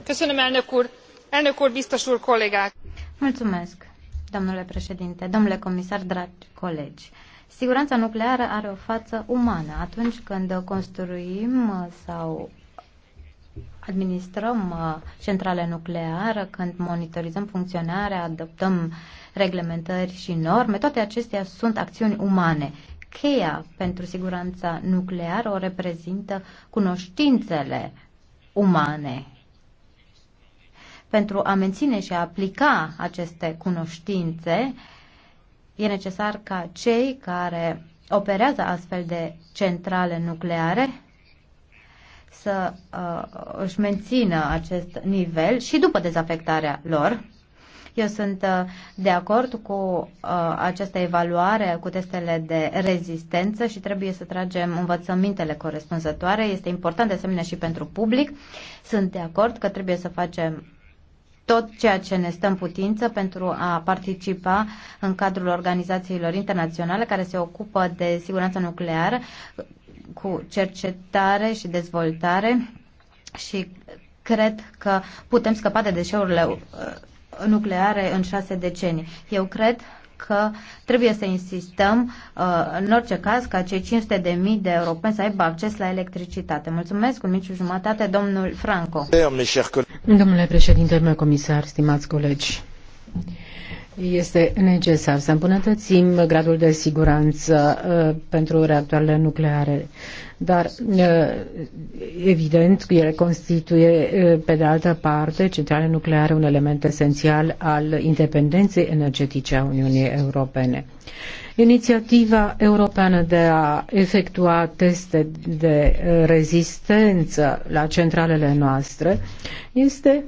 Mulțumesc, elnök úr, biztos úr, kollégák! Mulțumesc! domnule președinte, domnule comisar, dragi colegi. Siguranța nucleară are o față umană. Atunci când construim sau administrăm centrale nucleare, când monitorizăm funcționarea, adoptăm reglementări și norme, toate acestea sunt acțiuni umane. Cheia pentru siguranța nucleară o reprezintă cunoștințele umane pentru a menține și a aplica aceste cunoștințe, e necesar ca cei care operează astfel de centrale nucleare să uh, își mențină acest nivel și după dezafectarea lor. Eu sunt uh, de acord cu uh, această evaluare, cu testele de rezistență și trebuie să tragem învățămintele corespunzătoare. Este important de asemenea și pentru public. Sunt de acord că trebuie să facem tot ceea ce ne stă în putință pentru a participa în cadrul organizațiilor internaționale care se ocupă de siguranța nucleară cu cercetare și dezvoltare și cred că putem scăpa de deșeurile uh, nucleare în șase decenii. Eu cred că trebuie să insistăm uh, în orice caz ca cei 500 de mii de europeni să aibă acces la electricitate. Mulțumesc, cu mic jumătate, domnul Franco. Domnule președinte, domnule comisar, stimați colegi, este necesar să îmbunătățim gradul de siguranță uh, pentru reactoarele nucleare dar, evident, ele constituie, pe de altă parte, centrale nucleare un element esențial al independenței energetice a Uniunii Europene. Inițiativa europeană de a efectua teste de rezistență la centralele noastre este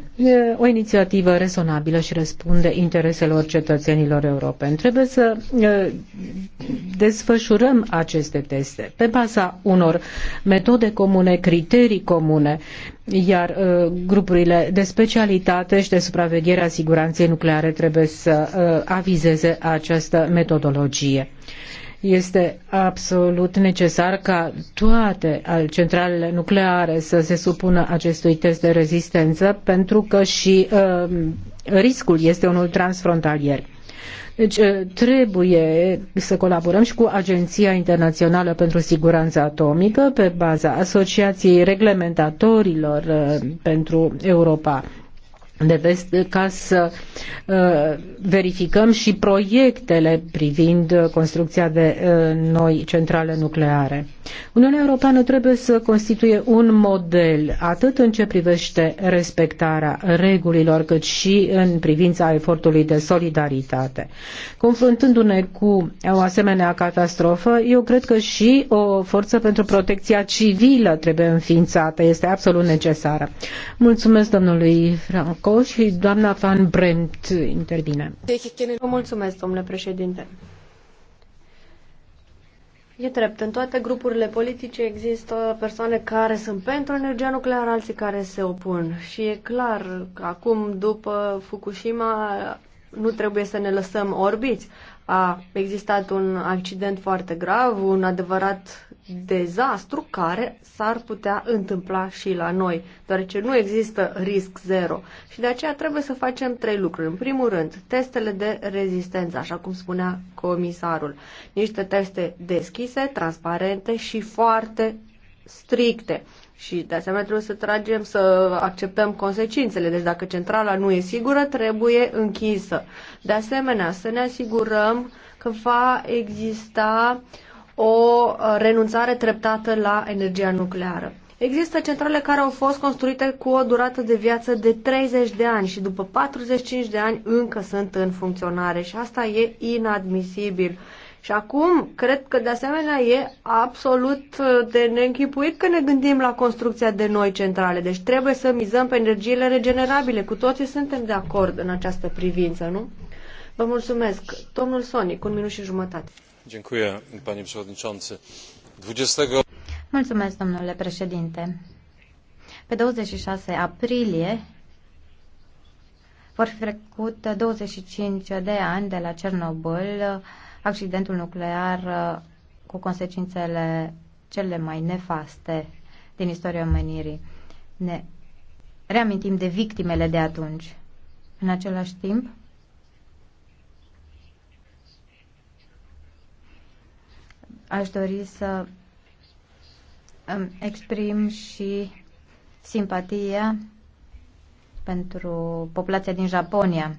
o inițiativă rezonabilă și răspunde intereselor cetățenilor europeni. Trebuie să desfășurăm aceste teste pe baza unor metode comune, criterii comune, iar uh, grupurile de specialitate și de supraveghere a siguranței nucleare trebuie să uh, avizeze această metodologie este absolut necesar ca toate centralele nucleare să se supună acestui test de rezistență pentru că și uh, riscul este unul transfrontalier. Deci eh, trebuie să colaborăm și cu Agenția Internațională pentru Siguranța Atomică pe baza Asociației Reglementatorilor eh, pentru Europa de vest ca să uh, verificăm și proiectele privind construcția de uh, noi centrale nucleare. Uniunea Europeană trebuie să constituie un model atât în ce privește respectarea regulilor, cât și în privința efortului de solidaritate. Confruntându-ne cu o asemenea catastrofă, eu cred că și o forță pentru protecția civilă trebuie înființată. Este absolut necesară. Mulțumesc domnului Franco. Devco și doamna Van Bremt intervine. mulțumesc, domnule președinte. E drept, în toate grupurile politice există persoane care sunt pentru energia nucleară, alții care se opun. Și e clar că acum, după Fukushima, nu trebuie să ne lăsăm orbiți. A existat un accident foarte grav, un adevărat dezastru care s-ar putea întâmpla și la noi, deoarece nu există risc zero. Și de aceea trebuie să facem trei lucruri. În primul rând, testele de rezistență, așa cum spunea comisarul. Niște teste deschise, transparente și foarte stricte. Și de asemenea trebuie să tragem, să acceptăm consecințele. Deci dacă centrala nu e sigură, trebuie închisă. De asemenea, să ne asigurăm că va exista o uh, renunțare treptată la energia nucleară. Există centrale care au fost construite cu o durată de viață de 30 de ani și după 45 de ani încă sunt în funcționare și asta e inadmisibil. Și acum, cred că de asemenea e absolut uh, de neînchipuit că ne gândim la construcția de noi centrale. Deci trebuie să mizăm pe energiile regenerabile. Cu toții suntem de acord în această privință, nu? Vă mulțumesc. Domnul Sonic, un minut și jumătate. Mulțumesc, domnule președinte. Pe 26 aprilie vor fi trecut 25 de ani de la Cernobâl, accidentul nuclear uh, cu consecințele cele mai nefaste din istoria omenirii. Ne reamintim de victimele de atunci. În același timp, Aș dori să îmi exprim și simpatia pentru populația din Japonia,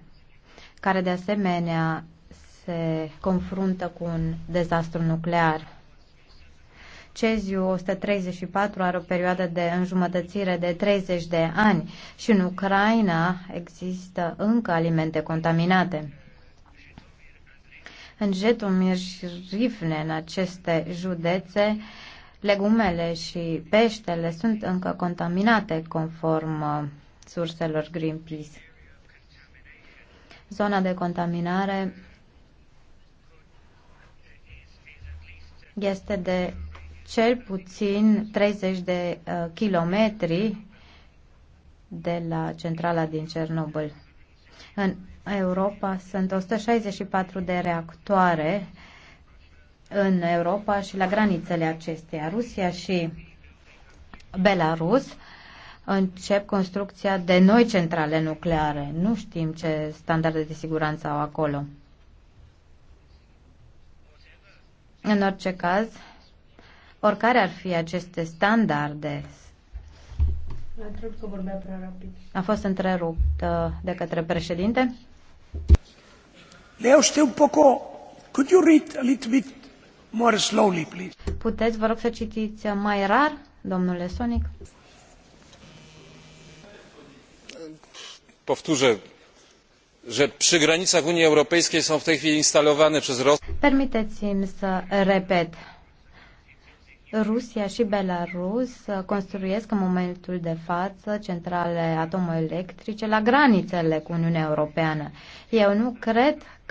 care de asemenea se confruntă cu un dezastru nuclear. Ceziu 134 are o perioadă de înjumătățire de 30 de ani și în Ucraina există încă alimente contaminate. În Jetomir și Rivne, în aceste județe, legumele și peștele sunt încă contaminate conform uh, surselor Greenpeace. Zona de contaminare este de cel puțin 30 de uh, kilometri de la centrala din Cernobâl. În Europa sunt 164 de reactoare în Europa și la granițele acesteia. Rusia și Belarus încep construcția de noi centrale nucleare. Nu știm ce standarde de siguranță au acolo. În orice caz, oricare ar fi aceste standarde, a fost întreruptă uh, de către președinte un poco. Puteți, vă rog, să citiți mai rar, domnule Sonic? Powtórzę, że przy granicach Unii Europejskiej są w tej chwili instalowane przez Rosję. Permiteți-mi să repet. Rusia și Belarus construiesc în momentul de față centrale atomoelectrice la granițele cu Uniunea Europeană. Eu nu cred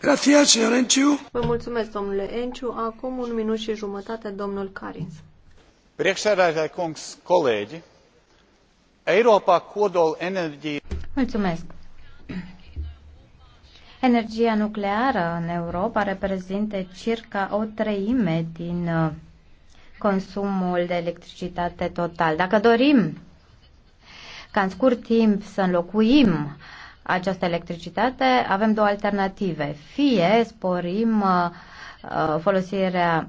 Vă mulțumesc, domnule Enciu. Acum un minut și jumătate, domnul Carins. Priekšsēdētāji kungs, kolēģi, Eiropā kodola enerģija. Mulțumesc. Energia nucleară în Europa reprezintă circa o treime din uh, consumul de electricitate total. Dacă dorim ca în scurt timp să înlocuim uh, această electricitate, avem două alternative. Fie sporim uh, uh, folosirea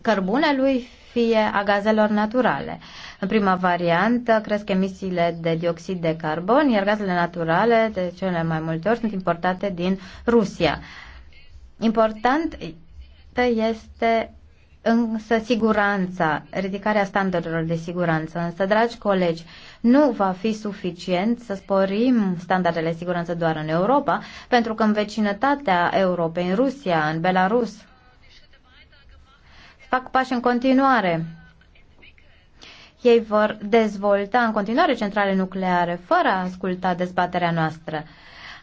cărbunelui, fie a gazelor naturale. În prima variantă cresc emisiile de dioxid de carbon, iar gazele naturale de cele mai multe ori sunt importate din Rusia. Important este însă siguranța, ridicarea standardelor de siguranță. Însă, dragi colegi, nu va fi suficient să sporim standardele de siguranță doar în Europa, pentru că în vecinătatea Europei, în Rusia, în Belarus, fac pași în continuare. Ei vor dezvolta în continuare centrale nucleare, fără a asculta dezbaterea noastră.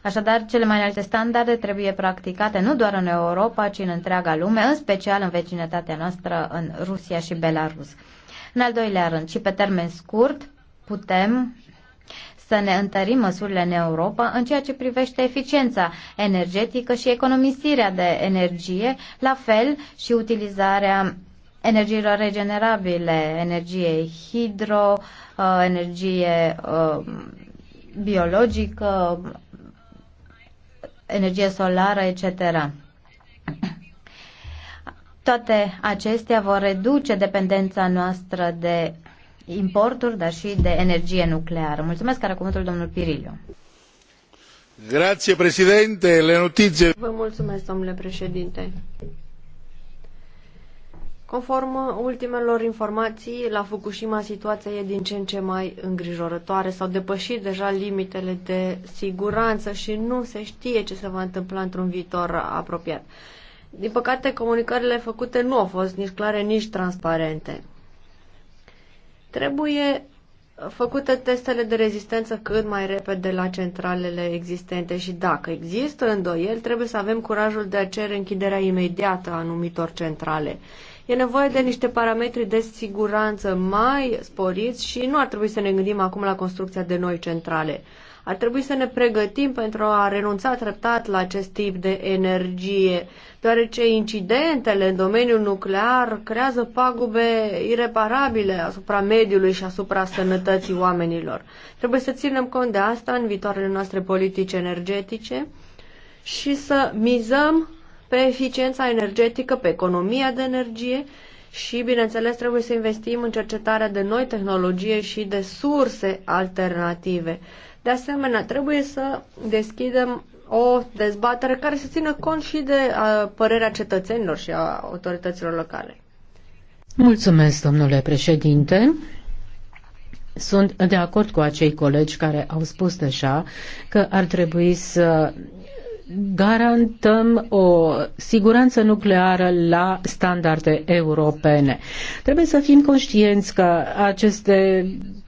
Așadar, cele mai înalte standarde trebuie practicate nu doar în Europa, ci în întreaga lume, în special în vecinătatea noastră, în Rusia și Belarus. În al doilea rând, și pe termen scurt, putem să ne întărim măsurile în Europa în ceea ce privește eficiența energetică și economisirea de energie, la fel și utilizarea energiilor regenerabile, energie hidro, uh, energie uh, biologică, energie solară, etc. Toate acestea vor reduce dependența noastră de importuri, dar și de energie nucleară. Mulțumesc, care cuvântul domnul Pirilio. Grazie, președinte. Le notizie. Vă mulțumesc, domnule președinte. Conform ultimelor informații, la Fukushima situația e din ce în ce mai îngrijorătoare. S-au depășit deja limitele de siguranță și nu se știe ce se va întâmpla într-un viitor apropiat. Din păcate, comunicările făcute nu au fost nici clare, nici transparente. Trebuie făcute testele de rezistență cât mai repede la centralele existente și dacă există îndoieli, trebuie să avem curajul de a cere închiderea imediată a anumitor centrale. E nevoie de niște parametri de siguranță mai sporiți și nu ar trebui să ne gândim acum la construcția de noi centrale. Ar trebui să ne pregătim pentru a renunța treptat la acest tip de energie, deoarece incidentele în domeniul nuclear creează pagube ireparabile asupra mediului și asupra sănătății oamenilor. Trebuie să ținem cont de asta în viitoarele noastre politici energetice și să mizăm pe eficiența energetică, pe economia de energie și, bineînțeles, trebuie să investim în cercetarea de noi tehnologie și de surse alternative. De asemenea, trebuie să deschidem o dezbatere care să țină cont și de a, părerea cetățenilor și a autorităților locale. Mulțumesc, domnule președinte. Sunt de acord cu acei colegi care au spus deja că ar trebui să garantăm o siguranță nucleară la standarde europene. Trebuie să fim conștienți că aceste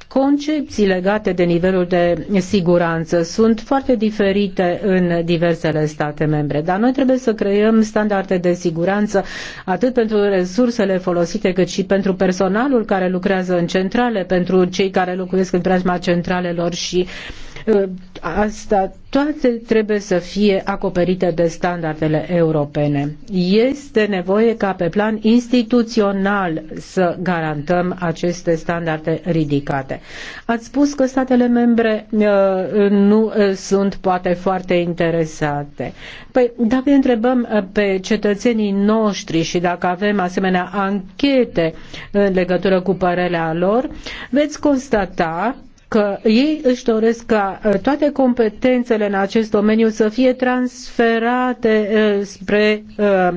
concepții legate de nivelul de siguranță sunt foarte diferite în diversele state membre, dar noi trebuie să creăm standarde de siguranță atât pentru resursele folosite, cât și pentru personalul care lucrează în centrale, pentru cei care locuiesc în preajma centralelor și uh, Uh, asta toate trebuie să fie acoperite de standardele europene. Este nevoie ca pe plan instituțional să garantăm aceste standarde ridicate. Ați spus că statele membre uh, nu uh, sunt poate foarte interesate. Păi dacă întrebăm pe cetățenii noștri și dacă avem asemenea anchete în legătură cu părerea lor, veți constata că ei își doresc ca uh, toate competențele în acest domeniu să fie transferate uh, spre uh,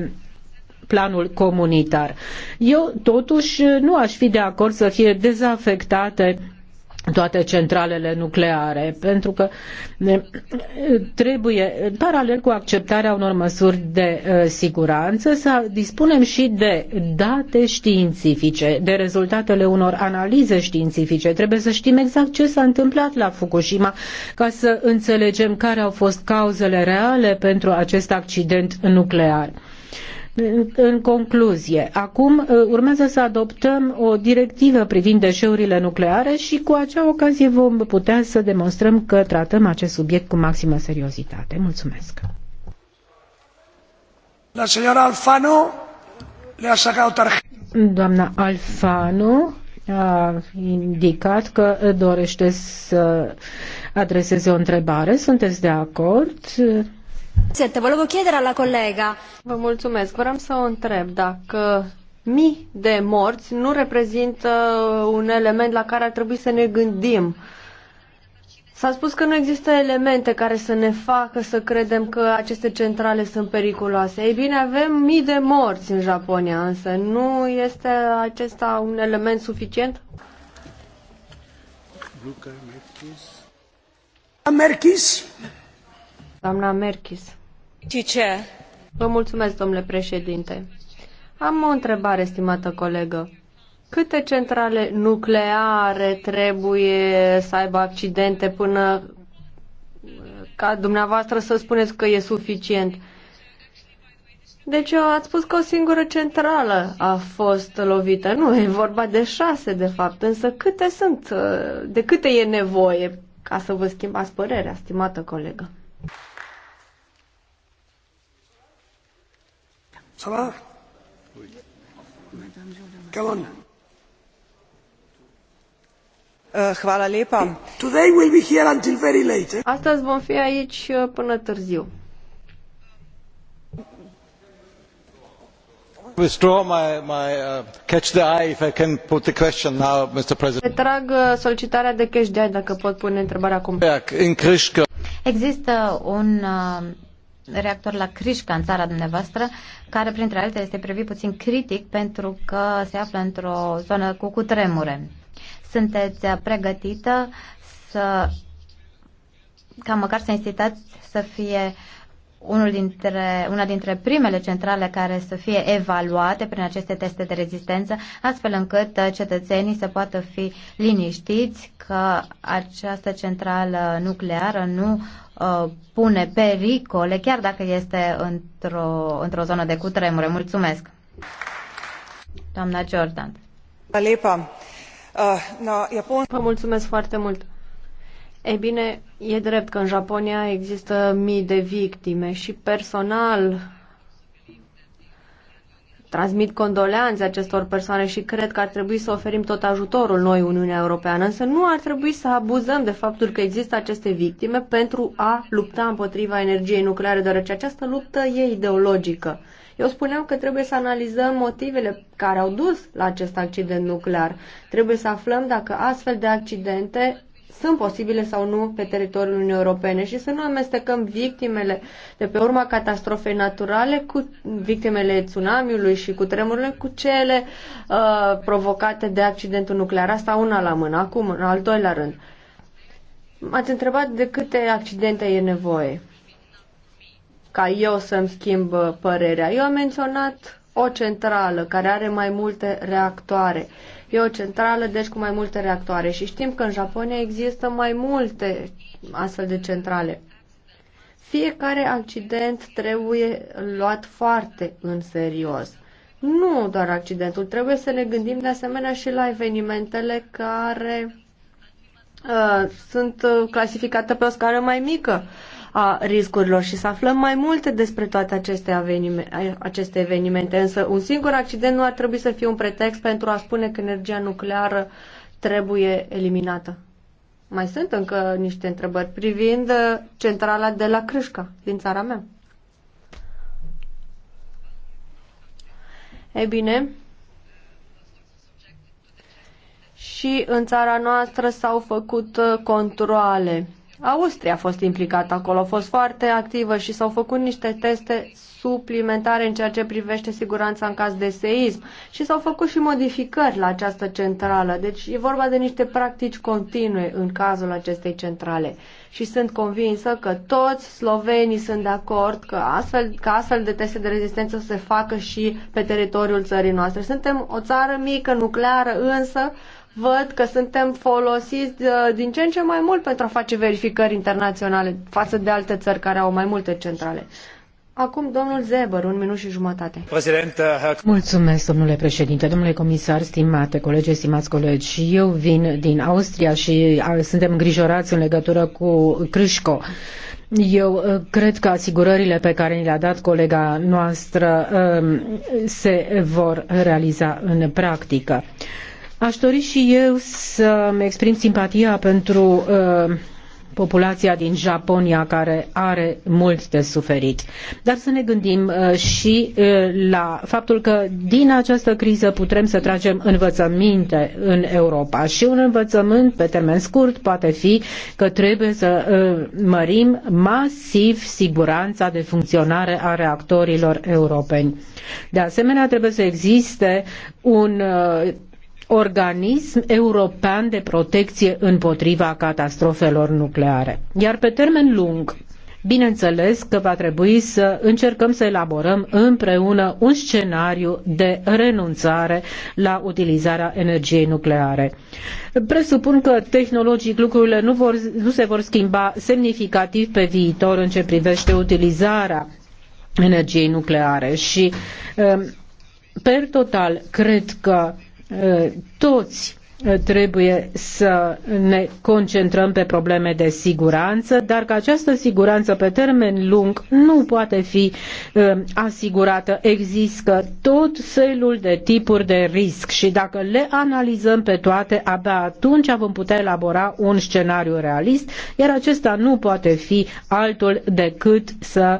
planul comunitar. Eu totuși nu aș fi de acord să fie dezafectate toate centralele nucleare, pentru că trebuie, paralel cu acceptarea unor măsuri de uh, siguranță, să dispunem și de date științifice, de rezultatele unor analize științifice. Trebuie să știm exact ce s-a întâmplat la Fukushima ca să înțelegem care au fost cauzele reale pentru acest accident nuclear. În concluzie, acum uh, urmează să adoptăm o directivă privind deșeurile nucleare și cu acea ocazie vom putea să demonstrăm că tratăm acest subiect cu maximă seriozitate. Mulțumesc. La señora Alfano le ha sacado tarjeta. Doamna Alfano a indicat că dorește să adreseze o întrebare. Sunteți de acord? Te mulțumesc. Vreau să o întreb dacă mii de morți nu reprezintă un element la care ar trebui să ne gândim. S-a spus că nu există elemente care să ne facă să credem că aceste centrale sunt periculoase. Ei bine, avem mii de morți în Japonia, însă nu este acesta un element suficient? Luca Merchis? Vă mulțumesc, Am o întrebare, stimată colegă. Câte centrale nucleare trebuie să aibă accidente până uh, ca dumneavoastră să spuneți că e suficient? Deci uh, ați spus că o singură centrală a fost lovită. Nu, e vorba de șase, de fapt. Însă câte sunt? Uh, de câte e nevoie ca să vă schimbați părerea, stimată colegă? Ça va Oui. Come on. Uh, hvala lepa. Today we'll be here until very late. Eh? Astăzi vom fi aici uh, până târziu. withdraw my, my uh, catch the eye if I can put the question now, Mr. President. Retrag uh, solicitarea de catch the eye dacă pot pune întrebarea acum. Există un uh, reactor la Crișca, în țara dumneavoastră, care, printre altele, este privit puțin critic pentru că se află într-o zonă cu cutremure. Sunteți pregătită să ca măcar să incitați să fie unul dintre, una dintre primele centrale care să fie evaluate prin aceste teste de rezistență, astfel încât uh, cetățenii să poată fi liniștiți că această centrală nucleară nu uh, pune pericole, chiar dacă este într-o, într-o zonă de cutremure. Mulțumesc! Doamna Jordan. Uh, Vă mulțumesc foarte mult. E bine, E drept că în Japonia există mii de victime și personal transmit condoleanțe acestor persoane și cred că ar trebui să oferim tot ajutorul noi, Uniunea Europeană, însă nu ar trebui să abuzăm de faptul că există aceste victime pentru a lupta împotriva energiei nucleare, deoarece această luptă e ideologică. Eu spuneam că trebuie să analizăm motivele care au dus la acest accident nuclear. Trebuie să aflăm dacă astfel de accidente sunt posibile sau nu pe teritoriul Uniunii Europene și să nu amestecăm victimele de pe urma catastrofei naturale cu victimele tsunamiului și cu tremurile cu cele uh, provocate de accidentul nuclear. Asta una la mână, acum în al doilea rând. M-ați întrebat de câte accidente e nevoie ca eu să-mi schimb uh, părerea. Eu am menționat o centrală care are mai multe reactoare. E o centrală, deci cu mai multe reactoare. Și știm că în Japonia există mai multe astfel de centrale. Fiecare accident trebuie luat foarte în serios. Nu doar accidentul, trebuie să ne gândim de asemenea și la evenimentele care uh, sunt uh, clasificate pe o scară mai mică. Uh, a riscurilor și să aflăm mai multe despre toate aceste, avenime, aceste evenimente. Însă un singur accident nu ar trebui să fie un pretext pentru a spune că energia nucleară trebuie eliminată. Mai sunt încă niște întrebări privind uh, centrala de la Crâșca, din țara mea. E bine, și în țara noastră s-au făcut uh, controle Austria a fost implicată acolo, a fost foarte activă și s-au făcut niște teste suplimentare în ceea ce privește siguranța în caz de seism și s-au făcut și modificări la această centrală. Deci e vorba de niște practici continue în cazul acestei centrale. Și sunt convinsă că toți slovenii sunt de acord că astfel, că astfel de teste de rezistență se facă și pe teritoriul țării noastre. Suntem o țară mică, nucleară, însă văd că suntem folosiți uh, din ce în ce mai mult pentru a face verificări internaționale față de alte țări care au mai multe centrale. Acum domnul Zeber, un minut și jumătate. Mulțumesc, domnule președinte, domnule comisar, stimate colegi, stimați colegi. Eu vin din Austria și suntem îngrijorați în legătură cu Crișco. Eu uh, cred că asigurările pe care ni le-a dat colega noastră um, se vor realiza în practică. Aș dori și eu să-mi exprim simpatia pentru uh, populația din Japonia care are mult de suferit. Dar să ne gândim uh, și uh, la faptul că din această criză putem să tragem învățăminte în Europa și un învățământ pe termen scurt poate fi că trebuie să uh, mărim masiv siguranța de funcționare a reactorilor europeni. De asemenea, trebuie să existe un organism european de protecție împotriva catastrofelor nucleare. Iar pe termen lung, bineînțeles că va trebui să încercăm să elaborăm împreună un scenariu de renunțare la utilizarea energiei nucleare. Presupun că tehnologic lucrurile nu, vor, nu se vor schimba semnificativ pe viitor în ce privește utilizarea energiei nucleare și, um, per total, cred că toți uh, trebuie să ne concentrăm pe probleme de siguranță, dar că această siguranță pe termen lung nu poate fi uh, asigurată. Există tot felul de tipuri de risc și dacă le analizăm pe toate, abia atunci vom putea elabora un scenariu realist, iar acesta nu poate fi altul decât să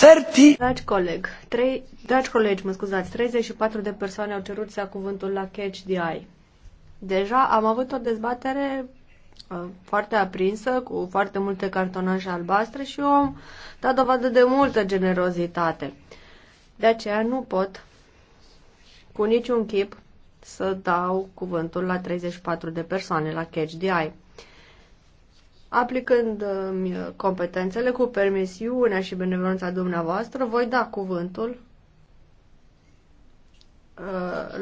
30... Dragi, coleg, trei... dragi colegi, mă scuzați, 34 de persoane au cerut să ia cuvântul la Catch the Eye. Deja am avut o dezbatere uh, foarte aprinsă, cu foarte multe cartonașe albastre și eu am dat dovadă de multă generozitate. De aceea nu pot cu niciun chip să dau cuvântul la 34 de persoane la Catch the Eye. Aplicând-mi um, competențele cu permisiunea și benevolența dumneavoastră, voi da cuvântul uh,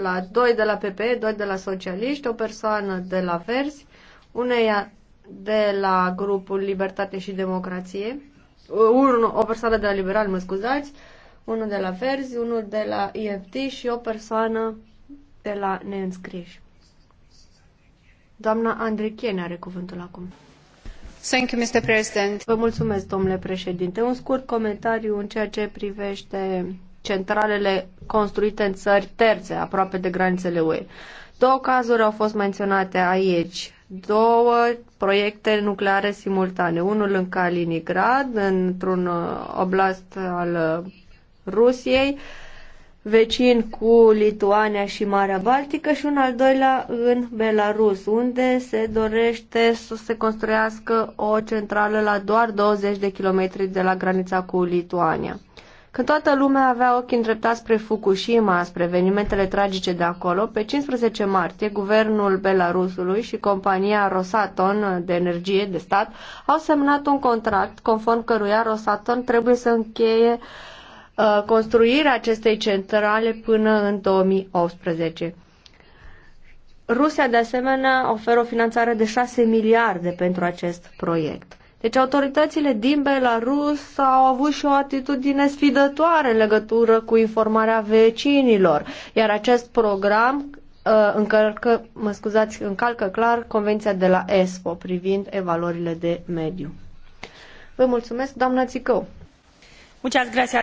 la doi de la PP, doi de la socialiști, o persoană de la Verzi, uneia de la grupul Libertate și Democrație, uh, un, o persoană de la Liberal, mă scuzați, unul de la Verzi, unul de la IFT și o persoană de la neînscriși. Doamna Andrei Chiene are cuvântul acum. Thank you, Mr. President. Vă mulțumesc, domnule președinte. Un scurt comentariu în ceea ce privește centralele construite în țări terțe, aproape de granițele UE. Două cazuri au fost menționate aici. Două proiecte nucleare simultane. Unul în Kaliningrad, într-un uh, oblast al uh, Rusiei, vecin cu Lituania și Marea Baltică și un al doilea în Belarus, unde se dorește să se construiască o centrală la doar 20 de kilometri de la granița cu Lituania. Când toată lumea avea ochii îndreptați spre Fukushima, spre evenimentele tragice de acolo, pe 15 martie, guvernul Belarusului și compania Rosaton de energie de stat au semnat un contract conform căruia Rosaton trebuie să încheie uh, Uh, construirea acestei centrale până în 2018. Rusia, de asemenea, oferă o finanțare de 6 miliarde pentru acest proiect. Deci autoritățile din Belarus au avut și o atitudine sfidătoare în legătură cu informarea vecinilor, iar acest program uh, încălcă, mă scuzați, încalcă clar convenția de la ESPO privind evaluările de mediu. Vă mulțumesc, doamna Țicău. Muchas gracias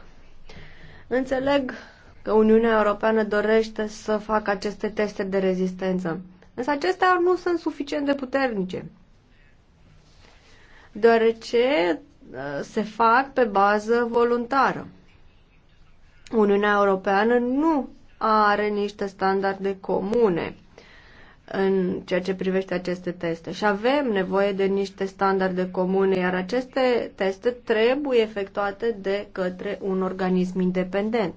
Înțeleg că Uniunea Europeană dorește să facă aceste teste de rezistență, însă acestea nu sunt suficient de puternice, deoarece ă, se fac pe bază voluntară. Uniunea Europeană nu are niște standarde comune în ceea ce privește aceste teste. Și avem nevoie de niște standarde comune, iar aceste teste trebuie efectuate de către un organism independent.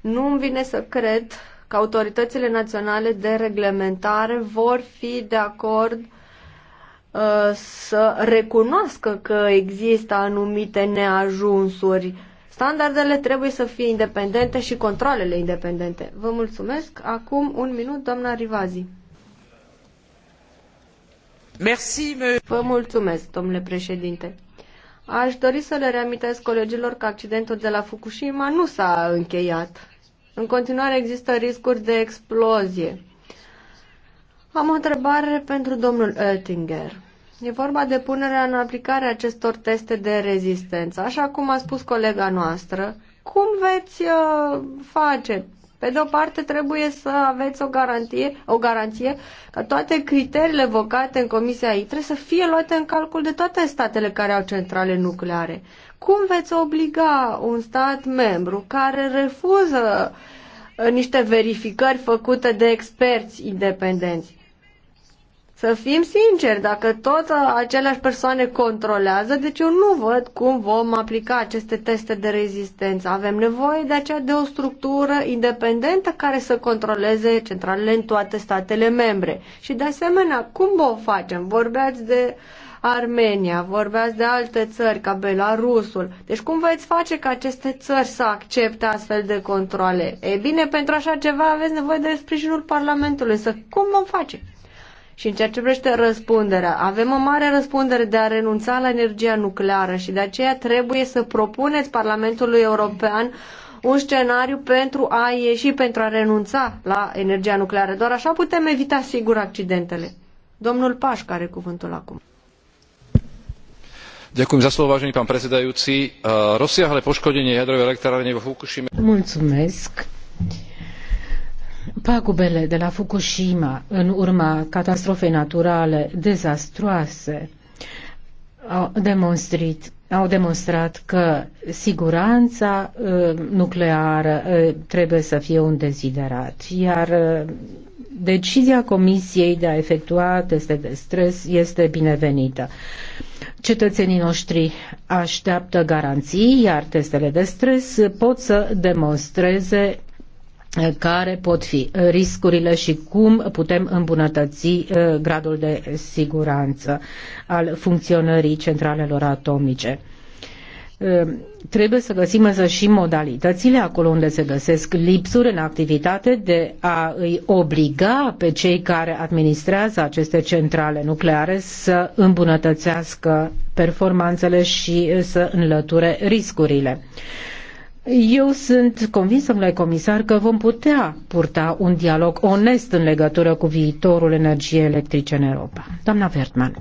Nu îmi vine să cred că autoritățile naționale de reglementare vor fi de acord uh, să recunoască că există anumite neajunsuri uh, Standardele trebuie să fie independente și controlele independente. Vă mulțumesc. Acum un minut, doamna Rivazi. Merci, me... Vă mulțumesc, domnule președinte. Aș dori să le reamintesc colegilor că accidentul de la Fukushima nu s-a încheiat. În continuare există riscuri de explozie. Am o întrebare pentru domnul Oettinger. E vorba de punerea în aplicare acestor teste de rezistență. Așa cum a spus colega noastră, cum veți uh, face? Pe de o parte trebuie să aveți o garantie, o garanție că toate criteriile evocate în Comisia I trebuie să fie luate în calcul de toate statele care au centrale nucleare. Cum veți obliga un stat membru care refuză uh, niște verificări făcute de experți independenți? Să fim sinceri, dacă tot uh, aceleași persoane controlează, deci eu nu văd cum vom aplica aceste teste de rezistență. Avem nevoie de aceea de o structură independentă care să controleze centralele în toate statele membre. Și de asemenea, cum o facem? Vorbeați de Armenia, vorbeați de alte țări ca Belarusul. Deci cum veți face ca aceste țări să accepte astfel de controle? E bine, pentru așa ceva aveți nevoie de sprijinul Parlamentului. Să cum vom face? Și în ceea ce privește răspunderea, avem o mare răspundere de a renunța la energia nucleară și de aceea trebuie să propuneți Parlamentului European un scenariu pentru a ieși, pentru a renunța la energia nucleară. Doar așa putem evita sigur accidentele. Domnul Paș care cuvântul acum. Ďakujem za slovo, vážený pán predsedajúci. Eh, rozsiahle poškodenie jadrovej elektrárne vo Mulțumesc. Uh, Pagubele de la Fukushima în urma catastrofei naturale dezastroase au demonstrat, au demonstrat că siguranța uh, nucleară uh, trebuie să fie un deziderat, iar uh, decizia Comisiei de a efectua teste de stres este binevenită. Cetățenii noștri așteaptă garanții, iar testele de stres pot să demonstreze care pot fi riscurile și cum putem îmbunătăți uh, gradul de siguranță al funcționării centralelor atomice. Uh, trebuie să găsim însă și modalitățile acolo unde se găsesc lipsuri în activitate de a îi obliga pe cei care administrează aceste centrale nucleare să îmbunătățească performanțele și să înlăture riscurile. Eu sunt convins, domnule comisar, că vom putea purta un dialog onest în legătură cu viitorul energiei electrice în Europa. Doamna Vertman.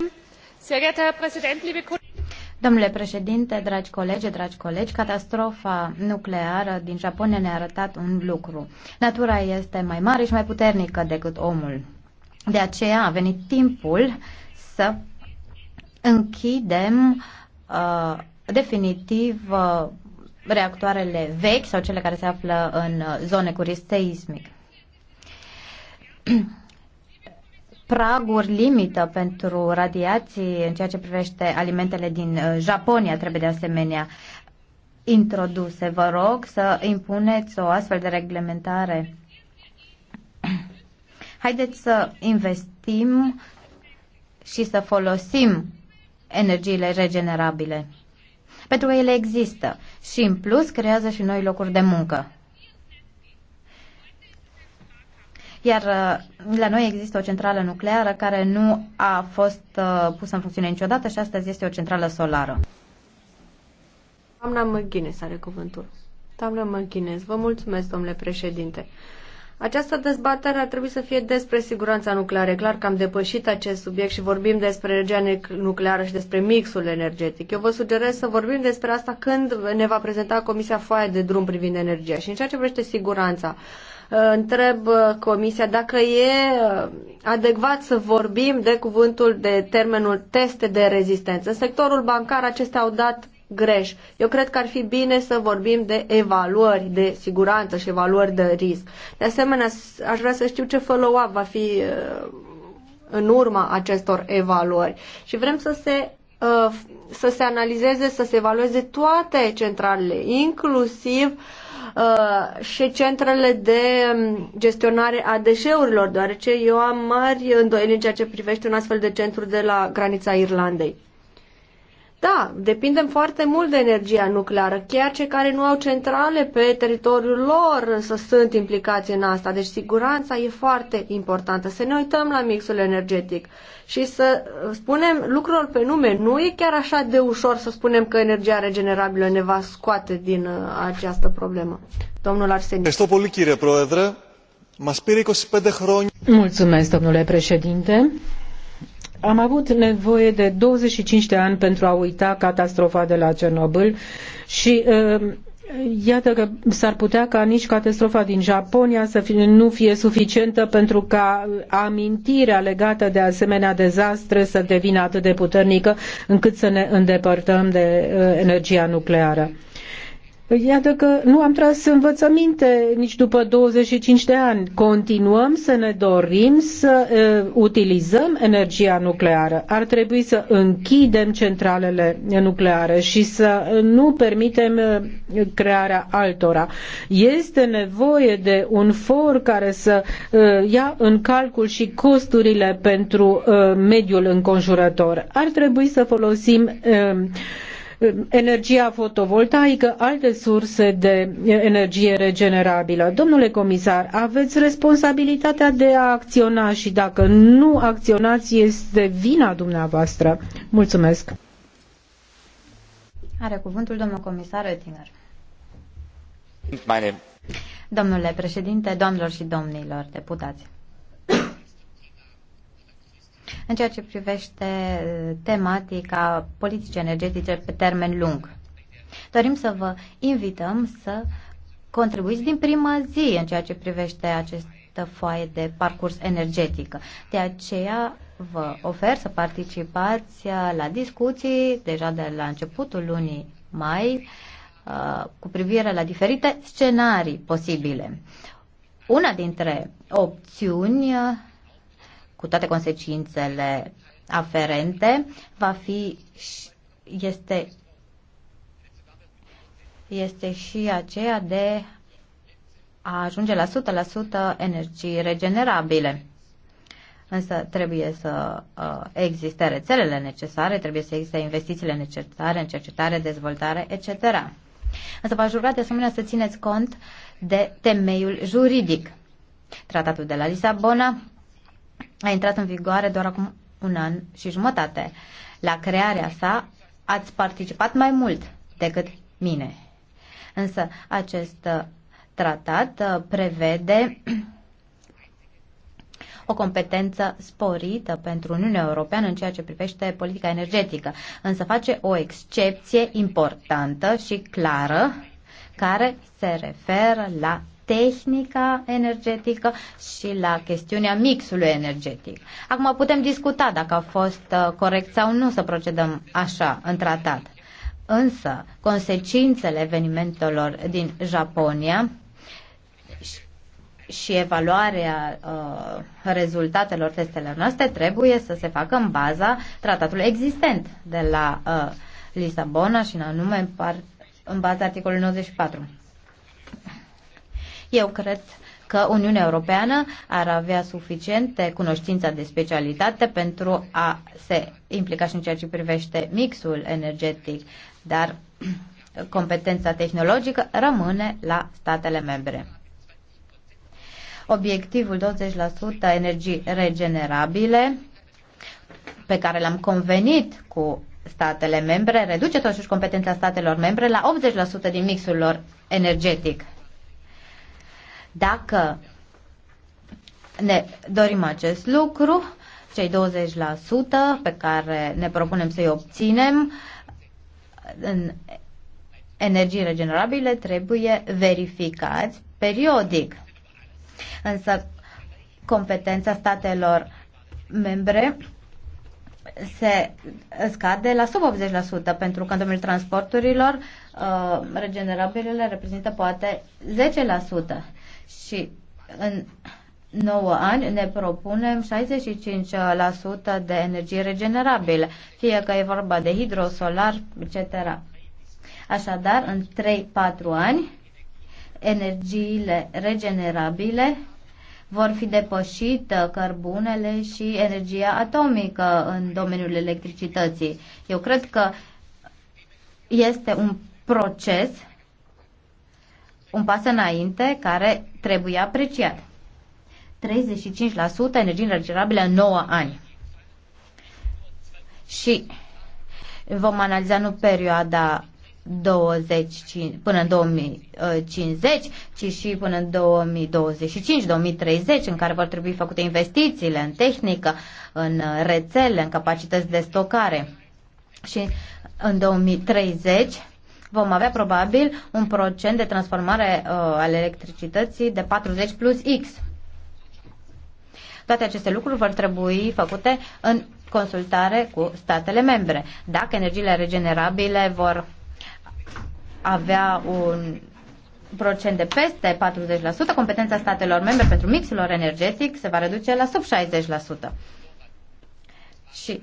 Domnule președinte, dragi colegi, dragi colegi, catastrofa nucleară din Japonia ne-a arătat un lucru. Natura este mai mare și mai puternică decât omul. De aceea a venit timpul să închidem uh, definitiv uh, reactoarele vechi sau cele care se află în uh, zone cu risc seismic. Praguri limită pentru radiații în ceea ce privește alimentele din uh, Japonia trebuie de asemenea introduse. Vă rog să impuneți o astfel de reglementare. Haideți să investim și să folosim energiile regenerabile pentru că ele există și în plus creează și noi locuri de muncă. Iar uh, la noi există o centrală nucleară care nu a fost uh, pusă în funcțiune niciodată și astăzi este o centrală solară. Doamna McGuinness are cuvântul. Doamna McGuinness, vă mulțumesc, domnule președinte. Această dezbatere ar trebui să fie despre siguranța nucleară. clar că am depășit acest subiect și vorbim despre energia nucleară și despre mixul energetic. Eu vă sugerez să vorbim despre asta când ne va prezenta Comisia Foaia de Drum privind energia. Și în ceea ce privește siguranța, ă, întreb ă, Comisia dacă e ă, adecvat să vorbim de cuvântul, de termenul teste de rezistență. În sectorul bancar acestea au dat greș. Eu cred că ar fi bine să vorbim de evaluări de siguranță și evaluări de risc. De asemenea, aș vrea să știu ce follow-up va fi uh, în urma acestor evaluări. Și vrem să se uh, să se analizeze, să se evalueze toate centralele, inclusiv uh, și centrele de um, gestionare a deșeurilor, deoarece eu am mari îndoieli în ceea ce privește un astfel de centru de la granița Irlandei. Da, depindem foarte mult de energia nucleară. Chiar cei care nu au centrale pe teritoriul lor să sunt implicați în asta. Deci siguranța e foarte importantă. Să ne uităm la mixul energetic și să uh, spunem lucrurilor pe nume. Nu e chiar așa de ușor să spunem că energia regenerabilă ne va scoate din uh, această problemă. Domnul Arsenic. Mulțumesc, domnule președinte. Am avut nevoie de 25 de ani pentru a uita catastrofa de la Cernobâl și uh, Iată că s-ar putea ca nici catastrofa din Japonia să fie, nu fie suficientă pentru ca amintirea legată de asemenea dezastre să devină atât de puternică încât să ne îndepărtăm de uh, energia nucleară. Păi iată că nu am tras învățăminte nici după 25 de ani. Continuăm să ne dorim să uh, utilizăm energia nucleară. Ar trebui să închidem centralele nucleare și să nu permitem uh, crearea altora. Este nevoie de un for care să uh, ia în calcul și costurile pentru uh, mediul înconjurător. Ar trebui să folosim uh, energia fotovoltaică, alte surse de energie regenerabilă. Domnule comisar, aveți responsabilitatea de a acționa și dacă nu acționați, este vina dumneavoastră. Mulțumesc. Are cuvântul domnul comisar Oettinger. Meine. Domnule președinte, domnilor și domnilor deputați în ceea ce privește uh, tematica politice energetice pe termen lung. Dorim să vă invităm să contribuiți din prima zi în ceea ce privește această foaie de parcurs energetică. De aceea vă ofer să participați uh, la discuții deja de la începutul lunii mai uh, cu privire la diferite scenarii posibile. Una dintre opțiuni cu toate consecințele aferente, va fi este este și aceea de a ajunge la 100% energii regenerabile. Însă trebuie să uh, existe rețelele necesare, trebuie să existe investițiile necesare în cercetare, dezvoltare, etc. Însă v-aș ruga de asemenea să țineți cont de temeiul juridic. Tratatul de la Lisabona a intrat în vigoare doar acum un an și jumătate. La crearea sa ați participat mai mult decât mine. Însă acest uh, tratat uh, prevede o competență sporită pentru Uniunea Europeană în ceea ce privește politica energetică, însă face o excepție importantă și clară care se referă la tehnica energetică și la chestiunea mixului energetic. Acum putem discuta dacă a fost uh, corect sau nu să procedăm așa în tratat. Însă, consecințele evenimentelor din Japonia și evaluarea uh, rezultatelor testelor noastre trebuie să se facă în baza tratatului existent de la uh, Lisabona și în anume în, par, în baza articolului 94. Eu cred că Uniunea Europeană ar avea suficiente cunoștințe de specialitate pentru a se implica și în ceea ce privește mixul energetic, dar competența tehnologică rămâne la statele membre. Obiectivul 20% energii regenerabile pe care l-am convenit cu statele membre reduce totuși competența statelor membre la 80% din mixul lor energetic. Dacă ne dorim acest lucru, cei 20% pe care ne propunem să-i obținem în energii regenerabile trebuie verificați periodic. Însă competența statelor membre se scade la sub 80% pentru că în domeniul transporturilor uh, regenerabilele reprezintă poate 10% și în 9 ani ne propunem 65% de energie regenerabilă, fie că e vorba de hidrosolar, etc. Așadar, în 3-4 ani, energiile regenerabile vor fi depășită cărbunele și energia atomică în domeniul electricității. Eu cred că este un proces un pas înainte care trebuie apreciat. 35% energie regenerabilă în 9 ani. Și vom analiza nu perioada 20, până în 2050, ci și până în 2025-2030, în care vor trebui făcute investițiile în tehnică, în rețele, în capacități de stocare. Și în 2030 vom avea probabil un procent de transformare uh, al electricității de 40 plus X. Toate aceste lucruri vor trebui făcute în consultare cu statele membre. Dacă energiile regenerabile vor avea un procent de peste 40%, competența statelor membre pentru mixul lor energetic se va reduce la sub 60%. Și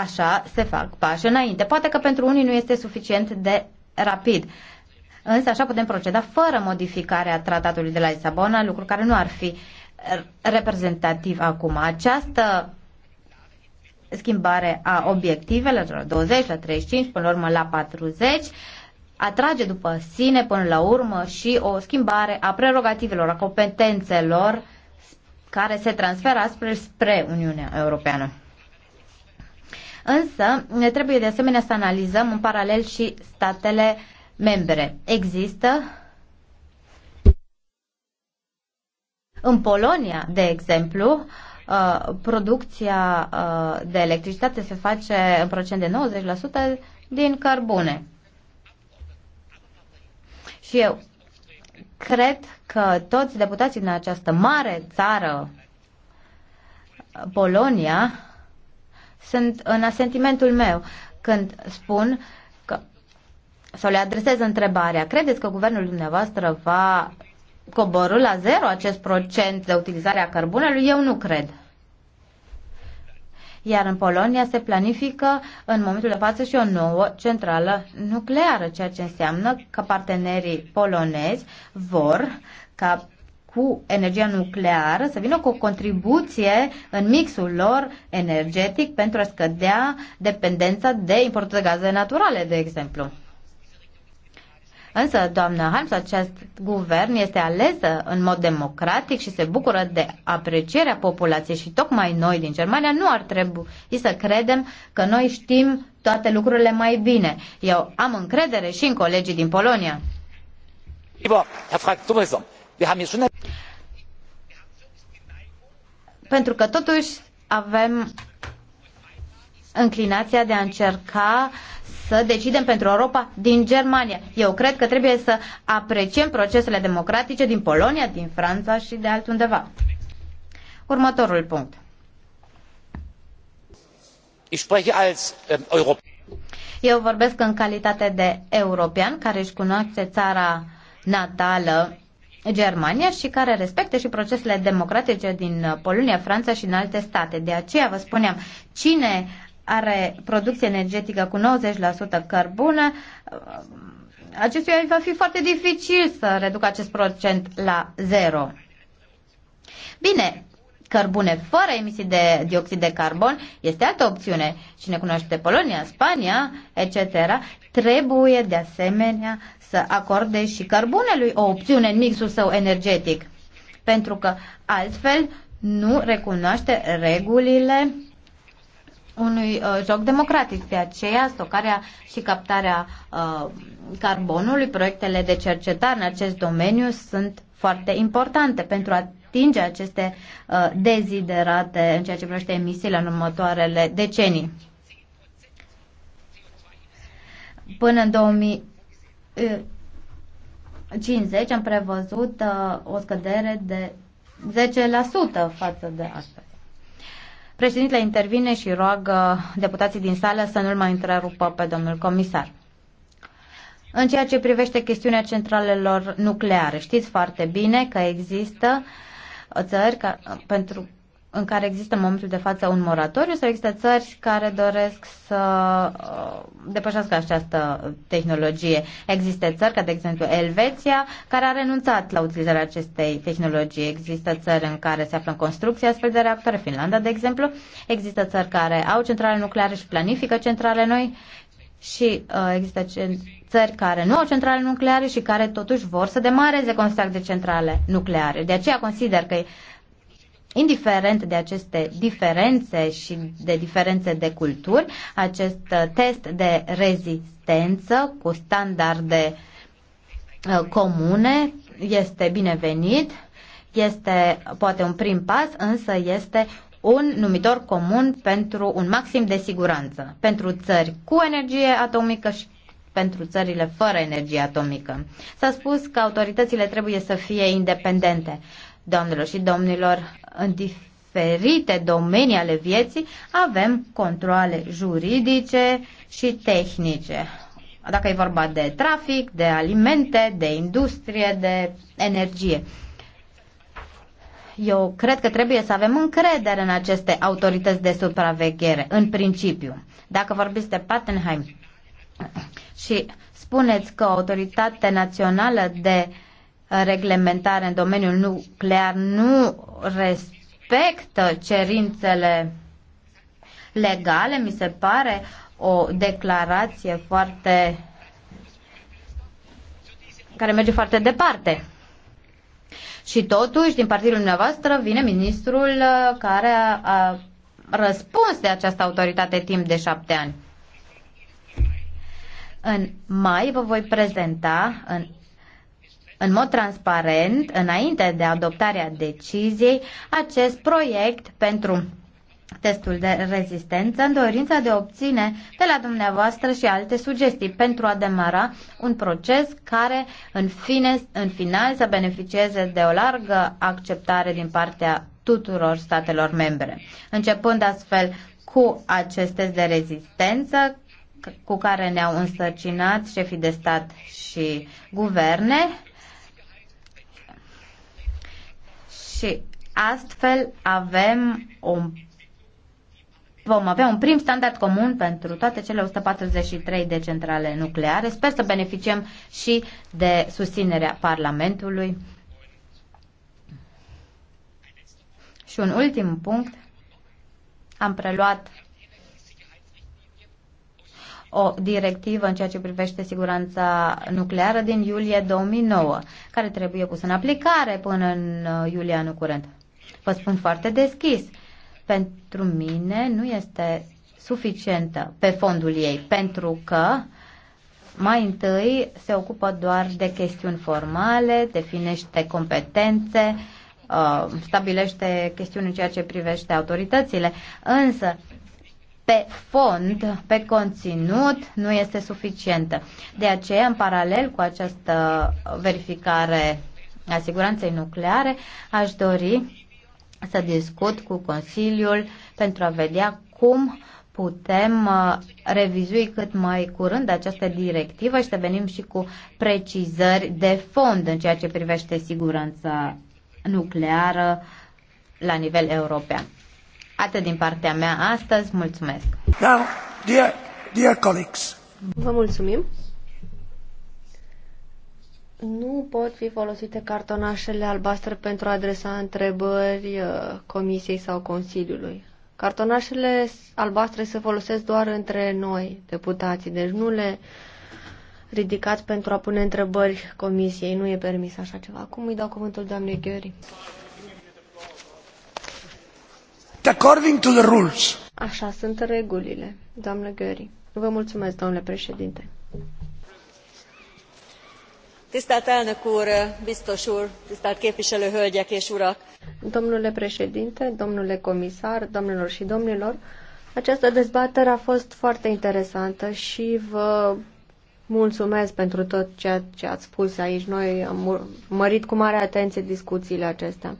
așa se fac pași înainte. Poate că pentru unii nu este suficient de rapid. Însă așa putem proceda fără modificarea tratatului de la Lisabona, lucru care nu ar fi reprezentativ acum. Această schimbare a obiectivelor la 20, la 35, până la urmă la 40, atrage după sine până la urmă și o schimbare a prerogativelor, a competențelor care se transferă spre Uniunea Europeană. Însă, trebuie de asemenea să analizăm în paralel și statele membre. Există în Polonia, de exemplu, uh, producția uh, de electricitate se face în procent de 90% din cărbune. Și eu cred că toți deputații din această mare țară, Polonia, sunt în asentimentul meu când spun că, sau le adresez întrebarea, credeți că guvernul dumneavoastră va coborâ la zero acest procent de utilizare a cărbunelui? Eu nu cred. Iar în Polonia se planifică în momentul de față și o nouă centrală nucleară, ceea ce înseamnă că partenerii polonezi vor ca cu energia nucleară, să vină cu o contribuție în mixul lor energetic pentru a scădea dependența de importul de gaze naturale, de exemplu. Însă, doamnă Harms, acest guvern este alesă în mod democratic și se bucură de aprecierea populației și tocmai noi din Germania nu ar trebui să credem că noi știm toate lucrurile mai bine. Eu am încredere și în colegii din Polonia. Lieber Herr Frank Dummeson, pentru că totuși avem înclinația de a încerca să decidem pentru Europa din Germania. Eu cred că trebuie să apreciem procesele democratice din Polonia, din Franța și de altundeva. Următorul punct. Ähm, Eu vorbesc în calitate de european care își cunoaște țara natală Germania și care respectă și procesele democratice din Polonia, Franța și în alte state. De aceea vă spuneam, cine are producție energetică cu 90% cărbune, acestuia va fi foarte dificil să reducă acest procent la zero. Bine, cărbune fără emisii de dioxid de carbon este altă opțiune. Cine cunoaște Polonia, Spania, etc., trebuie de asemenea să acorde și cărbunelui o opțiune în mixul său energetic, pentru că altfel nu recunoaște regulile unui uh, joc democratic. De aceea, stocarea și captarea uh, carbonului, proiectele de cercetare în acest domeniu sunt foarte importante pentru a atinge aceste uh, deziderate în ceea ce privește emisiile în următoarele decenii. Până în 2000 50 am prevăzut o scădere de 10% față de astăzi. Președintele intervine și roagă deputații din sală să nu-l mai întrerupă pe domnul comisar. În ceea ce privește chestiunea centralelor nucleare, știți foarte bine că există țări ca, pentru în care există în momentul de față un moratoriu sau există țări care doresc să uh, depășească această tehnologie. Există țări, ca de exemplu Elveția, care a renunțat la utilizarea acestei tehnologii. Există țări în care se află în construcție astfel de reactoare, Finlanda, de exemplu. Există țări care au centrale nucleare și planifică centrale noi și uh, există țări care nu au centrale nucleare și care totuși vor să demareze construcții de centrale nucleare. De aceea consider că Indiferent de aceste diferențe și de diferențe de culturi, acest uh, test de rezistență cu standarde uh, comune este binevenit, este poate un prim pas, însă este un numitor comun pentru un maxim de siguranță, pentru țări cu energie atomică și pentru țările fără energie atomică. S-a spus că autoritățile trebuie să fie independente doamnelor și domnilor, în diferite domenii ale vieții avem controle juridice și tehnice. Dacă e vorba de trafic, de alimente, de industrie, de energie. Eu cred că trebuie să avem încredere în aceste autorități de supraveghere, în principiu. Dacă vorbiți de Pattenheim și spuneți că autoritatea națională de uh, reglementare în domeniul nuclear nu respectă cerințele legale, mi se pare o declarație foarte care merge foarte departe. Și totuși, din partidul dumneavoastră, vine ministrul uh, care a, a răspuns de această autoritate timp de șapte ani. În mai vă voi prezenta în în mod transparent, înainte de adoptarea deciziei, acest proiect pentru testul de rezistență în dorința de a obține de la dumneavoastră și alte sugestii pentru a demara un proces care în, fine, în final să beneficieze de o largă acceptare din partea tuturor statelor membre. Începând astfel cu acest test de rezistență cu care ne-au însărcinat șefii de stat și guverne, Și astfel avem un Vom avea un prim standard comun pentru toate cele 143 de centrale nucleare. Sper să beneficiem și de susținerea Parlamentului. Și un ultim punct. Am preluat o directivă în ceea ce privește siguranța nucleară din iulie 2009, care trebuie pusă în aplicare până în uh, iulie anul curent. Vă spun foarte deschis, pentru mine nu este suficientă pe fondul ei, pentru că mai întâi se ocupă doar de chestiuni formale, definește competențe, uh, stabilește chestiuni în ceea ce privește autoritățile, însă pe fond, pe conținut, nu este suficientă. De aceea, în paralel cu această verificare a siguranței nucleare, aș dori să discut cu Consiliul pentru a vedea cum putem uh, revizui cât mai curând această directivă și să venim și cu precizări de fond în ceea ce privește siguranța nucleară la nivel european. Atât din partea mea astăzi. Mulțumesc. Now, dear, dear colleagues. Vă mulțumim. Nu pot fi folosite cartonașele albastre pentru a adresa întrebări uh, Comisiei sau Consiliului. Cartonașele albastre se folosesc doar între noi, deputații, deci nu le ridicați pentru a pune întrebări Comisiei. Nu e permis așa ceva. Acum îi dau cuvântul doamnei Gheori according to the rules. Așa sunt regulile, doamnă Gării. Vă mulțumesc, domnule președinte. Tisztelt elnök úr, biztos úr, tisztelt képviselő hölgyek és urak! Domnule președinte, domnule comisar, domnilor și domnilor, această dezbatere a fost foarte interesantă și vă mulțumesc pentru tot ceea ce ați spus aici. Noi am mărit cu mare atenție discuțiile acestea.